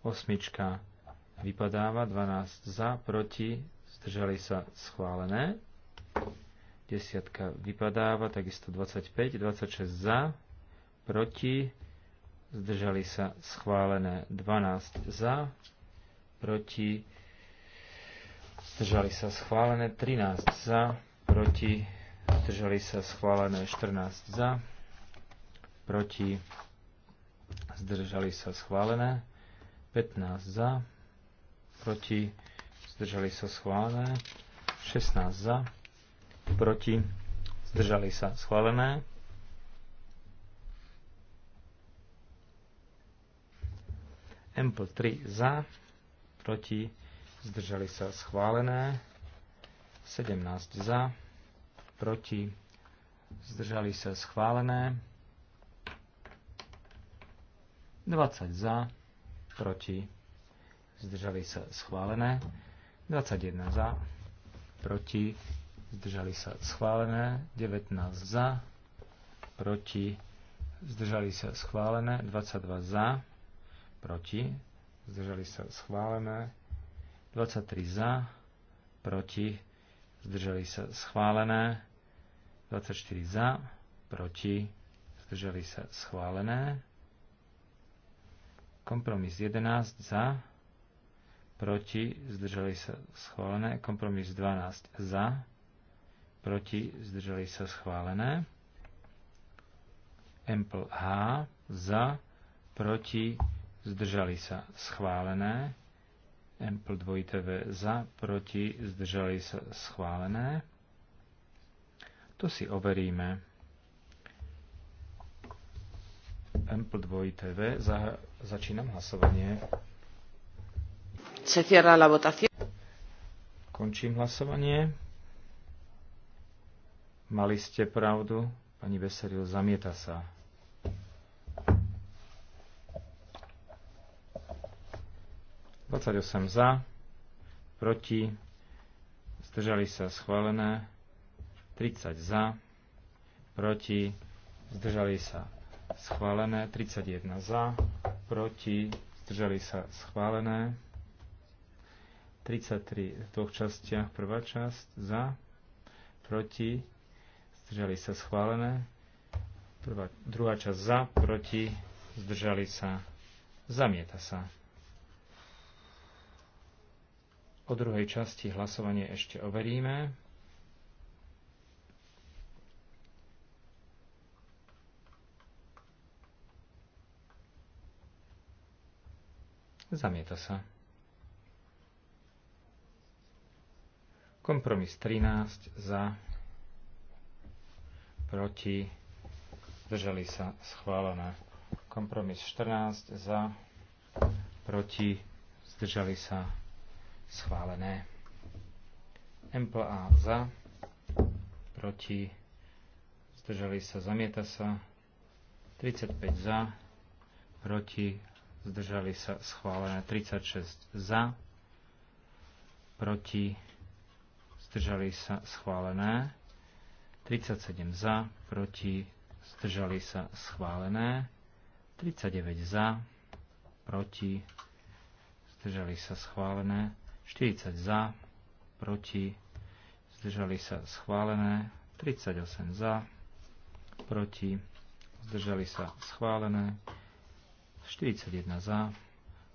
Osmička vypadáva, 12 za, proti, zdržali sa schválené. Desiatka vypadáva, takisto 25, 26 za, proti, zdržali sa schválené 12 za, proti zdržali sa schválené 13 za, proti, zdržali sa schválené 14 za, proti, zdržali sa schválené 15 za, proti, zdržali sa schválené 16 za, proti, zdržali sa schválené MP 3 za, proti, zdržali sa schválené, 17 za, proti, zdržali sa schválené, 20 za, proti, zdržali sa schválené, 21 za, proti, zdržali sa schválené, 19 za, proti, zdržali sa schválené, 22 za, proti, zdržali sa schválené, 23 za, proti, zdržali sa schválené, 24 za, proti, zdržali sa schválené, kompromis 11 za, proti, zdržali sa schválené, kompromis 12 za, proti, zdržali sa schválené, Ample H za, proti, zdržali sa schválené, Ample 2TV za, proti, zdržali sa schválené. To si overíme. Ample 2TV za, začínam hlasovanie. Se cierra la votación. Končím hlasovanie. Mali ste pravdu, pani Veseril, zamieta sa. 28 za, proti, zdržali sa schválené, 30 za, proti, zdržali sa schválené, 31 za, proti, zdržali sa schválené, 33 v dvoch častiach, prvá časť za, proti, zdržali sa schválené, prvá, druhá časť za, proti, zdržali sa, zamieta sa. O druhej časti hlasovanie ešte overíme. Zamieta sa. Kompromis 13 za, proti, zdržali sa, schválené. Kompromis 14 za, proti, zdržali sa, schválené. MPA za, proti, zdržali sa, zamieta sa, 35 za, proti, zdržali sa, schválené, 36 za, proti, zdržali sa, schválené, 37 za, proti, zdržali sa, schválené, 39 za, proti, zdržali sa, schválené, 40 za, proti, zdržali sa schválené, 38 za, proti, zdržali sa schválené, 41 za,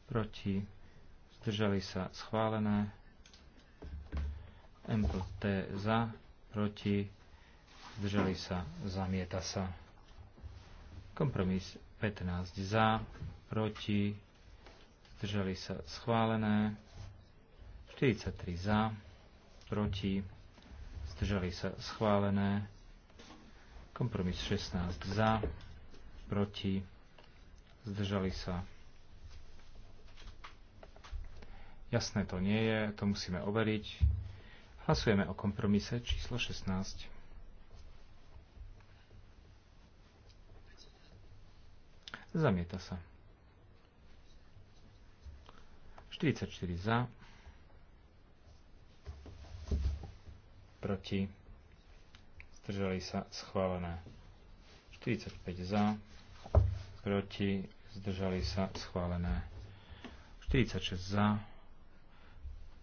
proti, zdržali sa schválené, MPT za, proti, zdržali sa, zamieta sa. Kompromis 15 za, proti, zdržali sa schválené. 43 za, proti, zdržali sa schválené. Kompromis 16 za, proti, zdržali sa. Jasné to nie je, to musíme overiť. Hlasujeme o kompromise číslo 16. Zamieta sa. 44 za, proti, zdržali sa schválené. 45 za, proti, zdržali sa schválené. 46 za,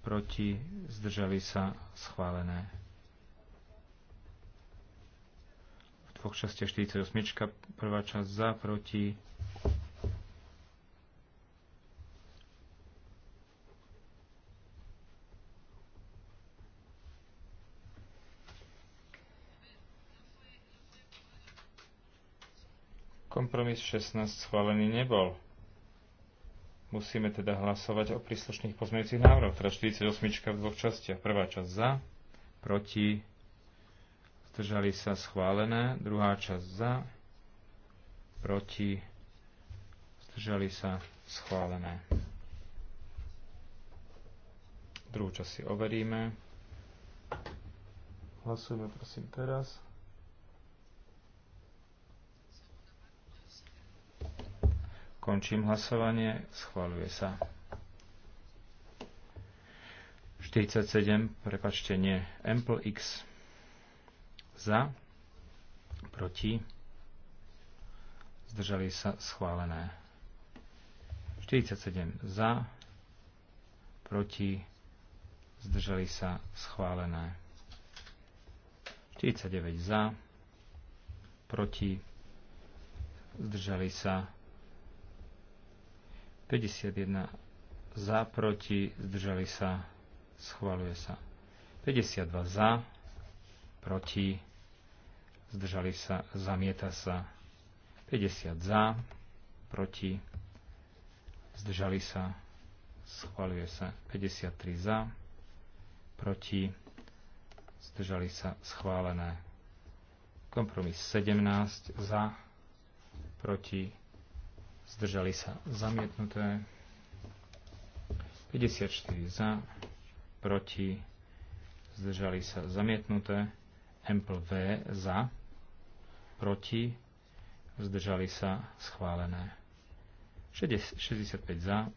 proti, zdržali sa schválené. V dvoch častiach 48, prvá časť za, proti, Kompromis 16 schválený nebol. Musíme teda hlasovať o príslušných pozmeňujúcich návrhoch. Teda 48 v dvoch častiach. Prvá časť za, proti, zdržali sa schválené. Druhá časť za, proti, zdržali sa schválené. Druhú časť si overíme. Hlasujeme prosím teraz. Končím hlasovanie. schváluje sa. 47, prepačte, nie. Ample X za, proti, zdržali sa schválené. 47 za, proti, zdržali sa schválené. 49 za, proti, zdržali sa 51 za, proti, zdržali sa, schvaluje sa. 52 za, proti, zdržali sa, zamieta sa. 50 za, proti, zdržali sa, schvaluje sa. 53 za, proti, zdržali sa, schválené. Kompromis 17 za, proti, zdržali sa zamietnuté, 54 za, proti, zdržali sa zamietnuté, V za, proti, zdržali sa schválené, 65 za,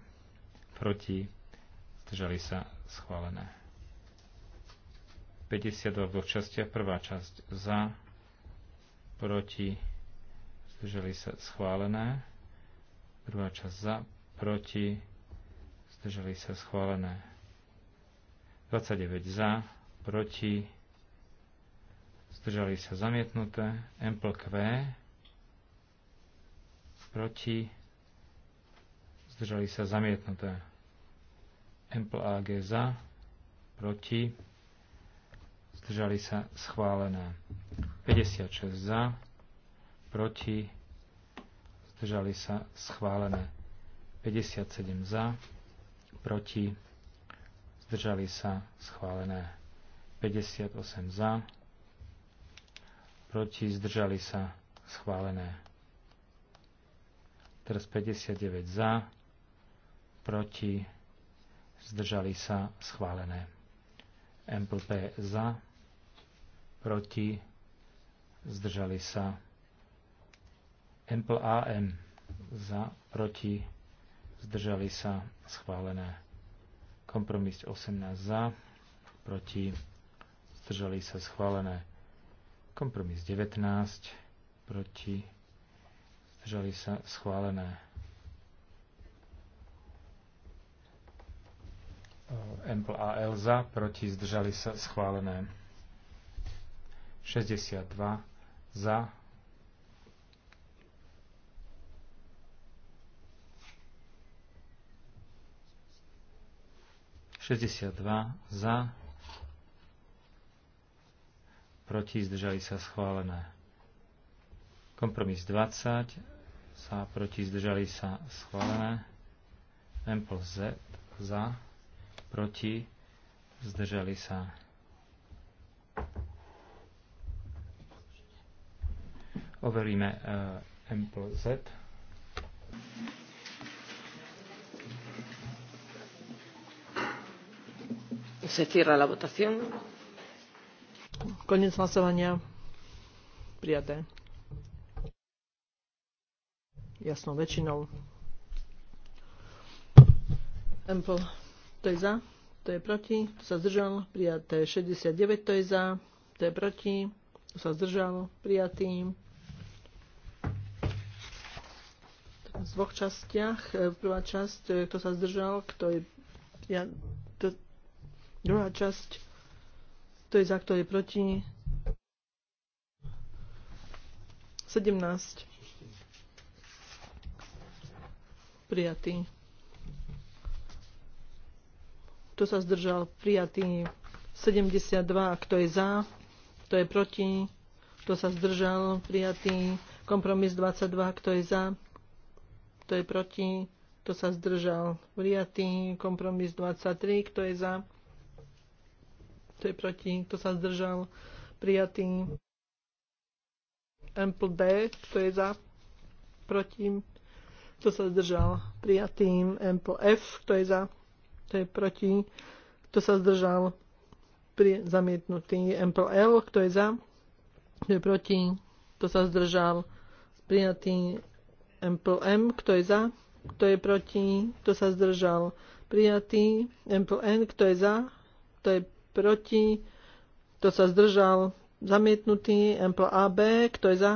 proti, zdržali sa schválené. 52 v dvoch častiach, prvá časť za, proti, zdržali sa schválené Druhá časť za, proti, zdržali sa schválené. 29 za, proti, zdržali sa zamietnuté. Ample Q, proti, zdržali sa zamietnuté. Ample AG za, proti, zdržali sa schválené. 56 za, proti, zdržali sa schválené 57 za, proti, zdržali sa schválené 58 za, proti, zdržali sa schválené. Teraz 59 za, proti, zdržali sa schválené. MPP za, proti, zdržali sa schválené Ample AM za, proti, zdržali sa, schválené. Kompromis 18 za, proti, zdržali sa, schválené. Kompromis 19, proti, zdržali sa, schválené. Ample AL za, proti, zdržali sa, schválené. 62 za, 62 za, proti zdržali sa schválené. Kompromis 20 za, proti zdržali sa schválené. M plus Z za, proti zdržali sa overíme eh, M plus Z. Koniec hlasovania. Prijaté. Jasnou väčšinou. Empol. To je za, to je proti, to sa zdržal, prijaté 69, to je za, to je proti, to sa zdržal, prijatý. V dvoch častiach. Prvá časť, kto sa zdržal, kto je prijatý Druhá časť, to je za, kto je proti. 17. Prijatý. Kto sa zdržal? Prijatý. 72. Kto je za? Kto je proti? Kto sa zdržal? Prijatý. Kompromis 22. Kto je za? Kto je proti? Kto sa zdržal? Prijatý. Kompromis 23. Kto je za? kto je proti, kto sa zdržal, prijatý. Ample B, kto je za, proti, kto sa zdržal, prijatý. Ample F, kto je za, kto je proti, kto sa zdržal, pri, zamietnutý. Ample L, kto je za, kto je proti, kto sa zdržal, prijatý. Ample M, kto je za, kto je proti, kto sa zdržal, prijatý. Ample N, kto je za, kto je proti, kto sa zdržal, zamietnutý, Ample AB, kto je za,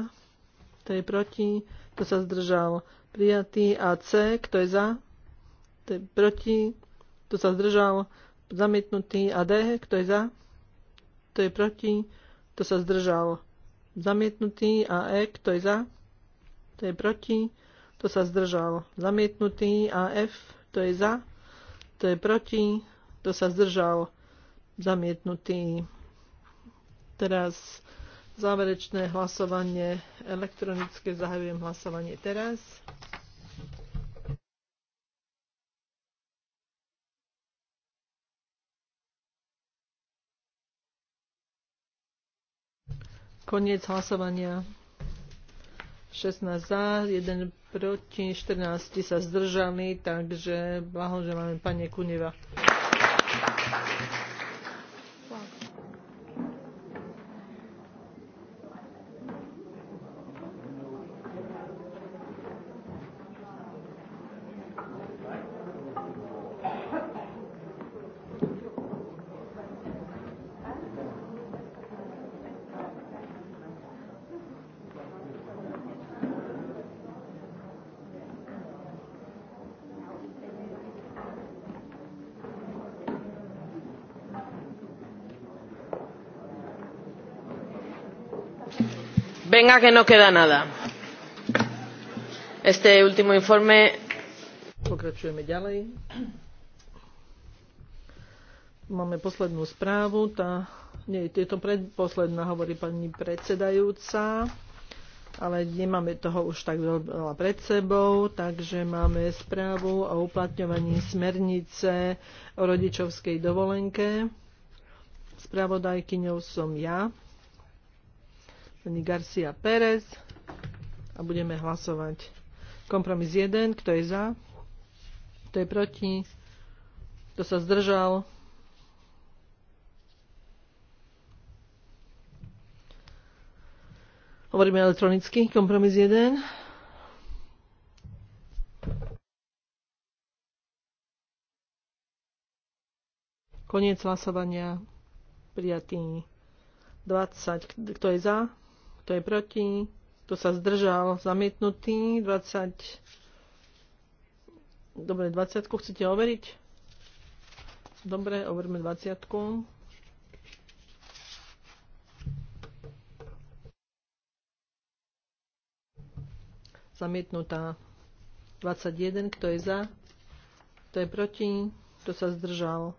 kto je proti, kto sa zdržal, prijatý, AC, kto je za, kto je proti, kto sa zdržal, zamietnutý, AD, kto je za, kto je proti, kto sa zdržal, zamietnutý, AE, kto je za, kto je proti, kto sa zdržal, zamietnutý, AF, kto je za, kto je proti, kto sa zdržal, zamietnutý. Teraz záverečné hlasovanie elektronické. Zahajujem hlasovanie teraz. Koniec hlasovania. 16 za, 1 proti, 14 sa zdržali, takže blahoželáme pani Kuneva. venga que no queda nada. Este último informe. Pokračujeme ďalej. Máme poslednú správu. Tá, nie, je to predposledná, hovorí pani predsedajúca ale nemáme toho už tak veľa pred sebou, takže máme správu o uplatňovaní smernice o rodičovskej dovolenke. Spravodajkyňou som ja pani Garcia Pérez a budeme hlasovať. Kompromis 1, kto je za, kto je proti, kto sa zdržal. Hovoríme elektronicky, kompromis 1. Koniec hlasovania. Prijatý 20. Kto je za? kto je proti, kto sa zdržal, zamietnutý, 20, dobre, 20 chcete overiť? Dobre, overme 20. -ku. Zamietnutá 21, kto je za, kto je proti, kto sa zdržal,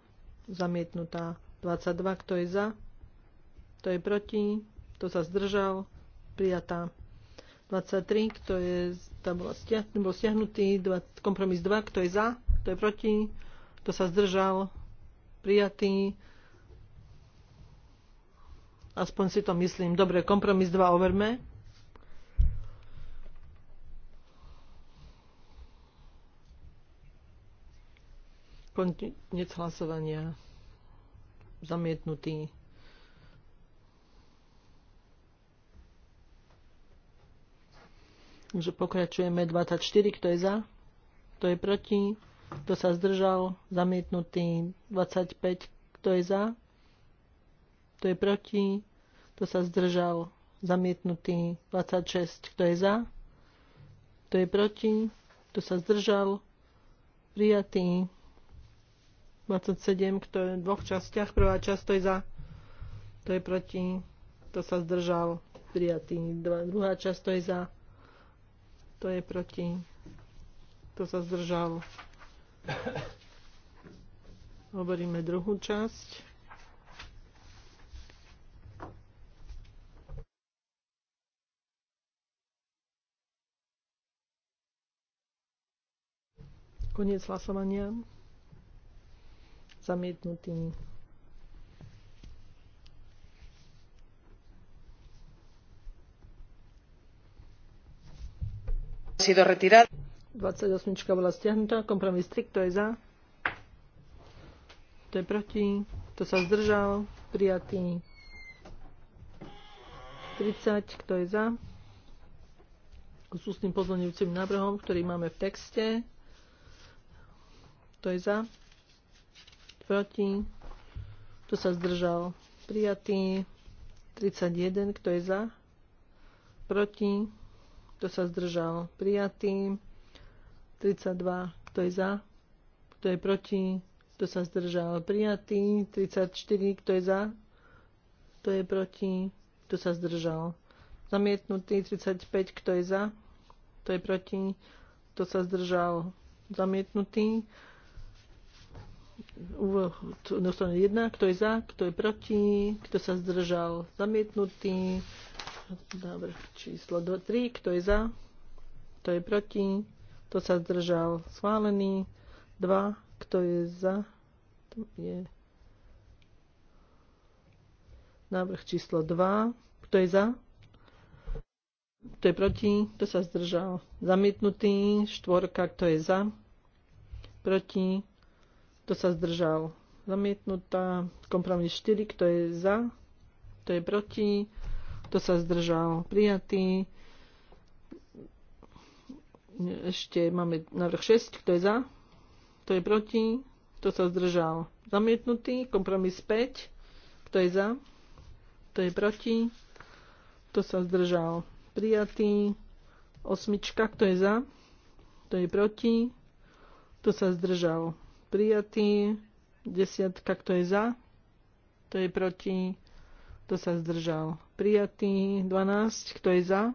zamietnutá 22, kto je za, kto je proti, kto sa zdržal, prijatá. 23, kto je, tam bol, stiahn, bol stiahnutý, kompromis 2, kto je za, kto je proti, kto sa zdržal, prijatý. Aspoň si to myslím. Dobre, kompromis 2 overme. Konec hlasovania. Zamietnutý. Takže pokračujeme 24, kto je za, kto je proti, kto sa zdržal, zamietnutý 25, kto je za, kto je proti, kto sa zdržal, zamietnutý 26, kto je za, kto je proti, kto sa zdržal, prijatý 27, kto je v dvoch častiach, prvá časť kto je za, to je proti, to sa zdržal, prijatý, druhá časť to je za, to je proti. To sa zdržal. Hovoríme druhú časť. Koniec hlasovania. Zamietnutý. sido retirada. 28 bola stiahnutá. Kompromis 3, kto je za? Kto je proti? Kto sa zdržal? Prijatý. 30, kto je za? S ústnym pozvonujúcim návrhom, ktorý máme v texte. Kto je za? Proti? Kto sa zdržal? Prijatý. 31, kto je za? Proti? Kto sa zdržal? Prijatý. 32. Kto je za? Kto je proti? Kto sa zdržal? Prijatý. 34. Kto je za? Kto je proti? Kto sa zdržal? Zamietnutý. 35. Kto je za? Kto je proti? Kto sa zdržal? Zamietnutý. Úvod 1. Kto je za? Kto je proti? Kto sa zdržal? Zamietnutý. Návrh číslo 3. Kto je za? Kto je proti? Kto sa zdržal? Schválený. 2. Kto je za? je návrh číslo 2. Kto je za? Kto je proti? Kto sa zdržal? Zamietnutý. Štvorka. Kto je za? Proti. Kto sa zdržal? Zamietnutá. Kompromis 4. Kto je za? Kto je proti? Kto sa zdržal? Prijatý. Ešte máme návrh 6. Kto je za? Kto je proti? Kto sa zdržal? Zamietnutý. Kompromis 5. Kto je za? Kto je proti? Kto sa zdržal? Prijatý. Osmička. Kto je za? Kto je proti? Kto sa zdržal? Prijatý. Desiatka. Kto je za? Kto je proti? Kto sa zdržal? prijatý 12, kto je za,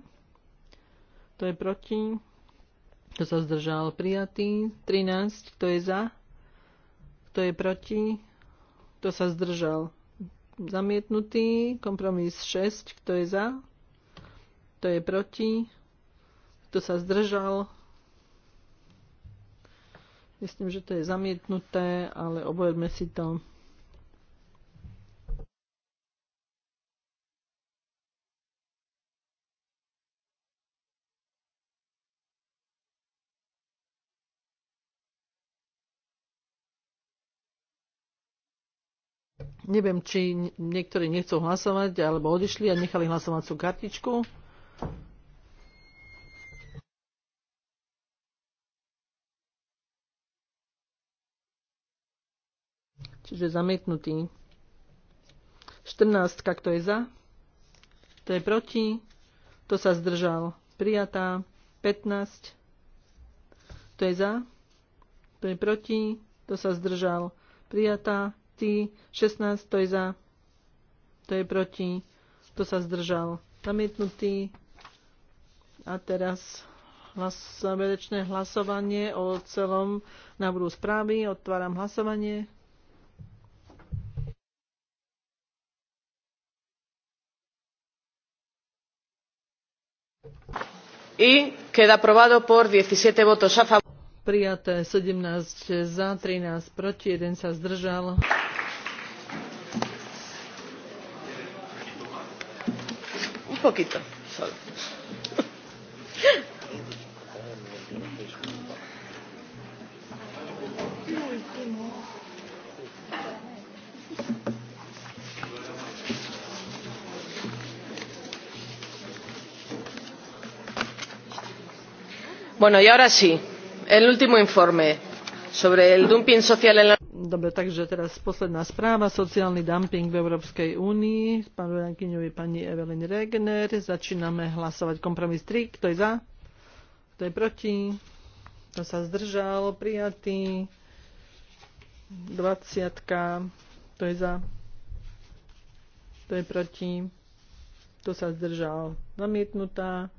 kto je proti, kto sa zdržal prijatý 13, kto je za, kto je proti, kto sa zdržal zamietnutý, kompromis 6, kto je za, kto je proti, kto sa zdržal. Myslím, že to je zamietnuté, ale obojme si to. Neviem, či niektorí nechcú hlasovať alebo odišli a nechali hlasovacú kartičku. Čiže zamietnutý. 14. Kto je za? to je proti? to sa zdržal? Prijatá. 15. to je za? To je proti? to sa zdržal? Prijatá. 16, to je za, to je proti, to sa zdržal. Zamietnutý. A teraz záverečné hlasovanie o celom návrhu správy. Otváram hlasovanie. I queda aprobado por 17 votos a favor. Prijaté 17 za, 13 proti, 1 sa zdržal. poquito solo. bueno y ahora sí el último informe sobre el dumping social en la unión europea. Dobre, takže teraz posledná správa. Sociálny dumping v Európskej únii. Pán Rojankyňou je pani Evelyn Regner. Začíname hlasovať kompromis 3. Kto je za? Kto je proti? Kto sa zdržal? Prijatý. 20. Kto je za? Kto je proti? Kto sa zdržal? Zamietnutá.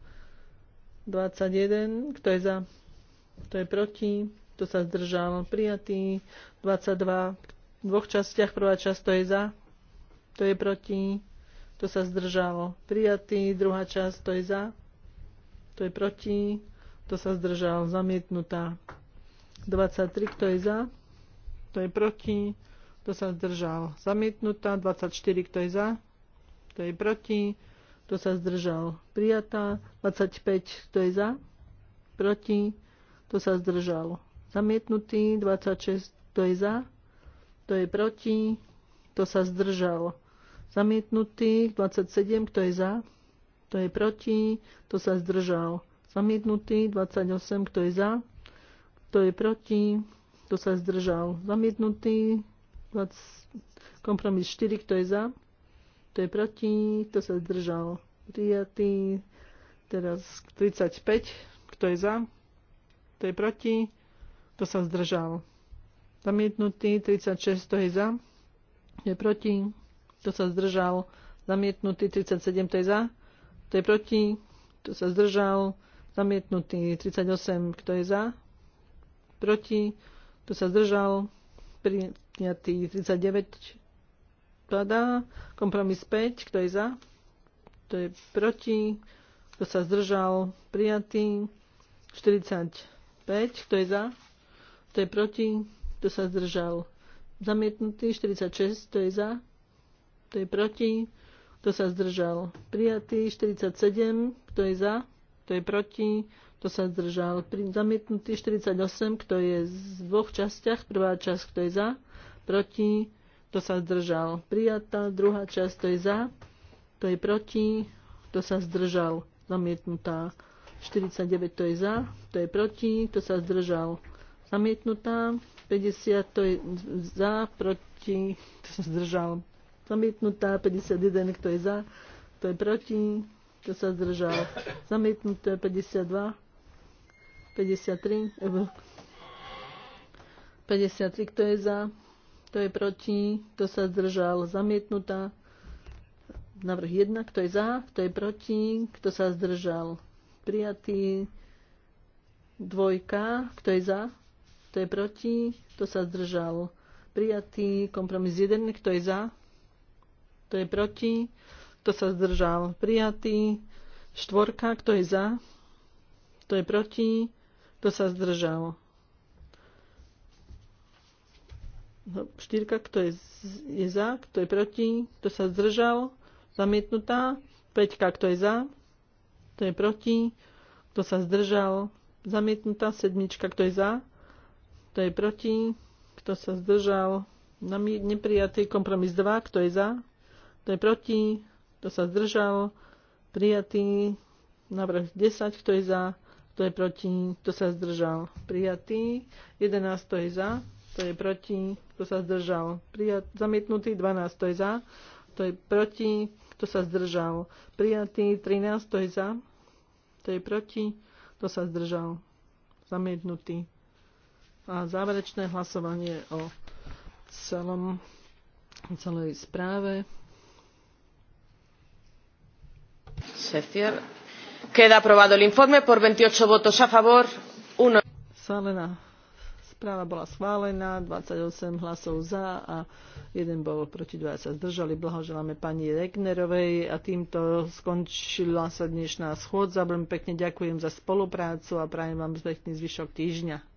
21. Kto je za? Kto je proti? kto sa zdržal, prijatý. 22 v dvoch častiach, prvá časť to je za, to je proti, to sa zdržal, prijatý. Druhá časť to je za, to je proti, to sa zdržal, zamietnutá. 23, kto je za, to je proti, to sa zdržal, zamietnutá. 24, kto je za, to je proti, to sa zdržal, prijatá. 25, kto je za, proti, to sa zdržal, zamietnutý, 26, to je za, to je proti, to sa zdržal, zamietnutý, 27, kto je za, To je proti, to sa zdržal, zamietnutý, 28, kto je za, To je proti, to sa zdržal, zamietnutý, 20, kompromis 4, kto je za, kto je proti, to sa zdržal, prijatý, teraz 35, kto je za, to je proti, kto sa zdržal? Zamietnutý 36, to je za. je proti. Kto sa zdržal? Zamietnutý 37, to je za. To je proti. Kto sa zdržal? Zamietnutý 38, kto je za? Proti. Kto sa zdržal? Prijatý 39, padá. Kompromis 5, kto je za? Kto je proti? Kto sa zdržal? Prijatý. 45, kto je za? Kto je proti? to sa zdržal? Zamietnutý. 46. to je za? to je proti? to sa zdržal? Prijatý. 47. Kto je za? to je proti? to sa zdržal? Pri, zamietnutý 48. Kto je z dvoch častiach? Prvá časť. Kto je za? Proti? to sa zdržal? Prijatá. Druhá časť. to je za? to je proti? to sa zdržal? Zamietnutá. 49. to je za? to je proti? to sa zdržal? zamietnutá, 50 to je za, proti, to sa zdržal, zamietnutá, 51 kto je za, kto je proti, kto sa zdržal, zamietnuté, 52, 53, 53 kto je za, kto je proti, kto sa zdržal, zamietnutá, Návrh 1, kto je za, kto je proti, kto sa zdržal. Prijatý. Dvojka, kto je za, kto je proti? Kto sa zdržal? Prijatý. Kompromis 1. Kto je za? Kto je proti? Kto sa zdržal? Prijatý. Štvorka. Kto je za? Kto je proti? Kto sa zdržal? Štyrka. Kto je, je za? Kto je proti? Kto sa zdržal? Zamietnutá. Peťka. Kto je za? Kto je proti? Kto sa zdržal? Zamietnutá. Sedmička. Kto je za? Kto je proti? Kto sa zdržal? Nami neprijatý kompromis 2. Kto je za? Kto je proti? Kto sa zdržal? Prijatý návrh 10. Kto je za? Kto je proti? Kto sa zdržal? Prijatý 11. Kto je za? Kto je proti? Kto sa zdržal? Prijat, zamietnutý 12. Kto je za? Kto je proti? Kto sa zdržal? Prijatý 13. Kto je za? Kto je proti? Kto sa zdržal? Zamietnutý a záverečné hlasovanie o celom, celej správe. Se Queda aprobado el informe por 28 votos a favor, Uno. Sálená správa bola schválená, 28 hlasov za a jeden bol proti, dvaja sa zdržali. Blahoželáme pani Regnerovej a týmto skončila sa dnešná schôdza. Veľmi pekne ďakujem za spoluprácu a prajem vám pekný zvyšok týždňa.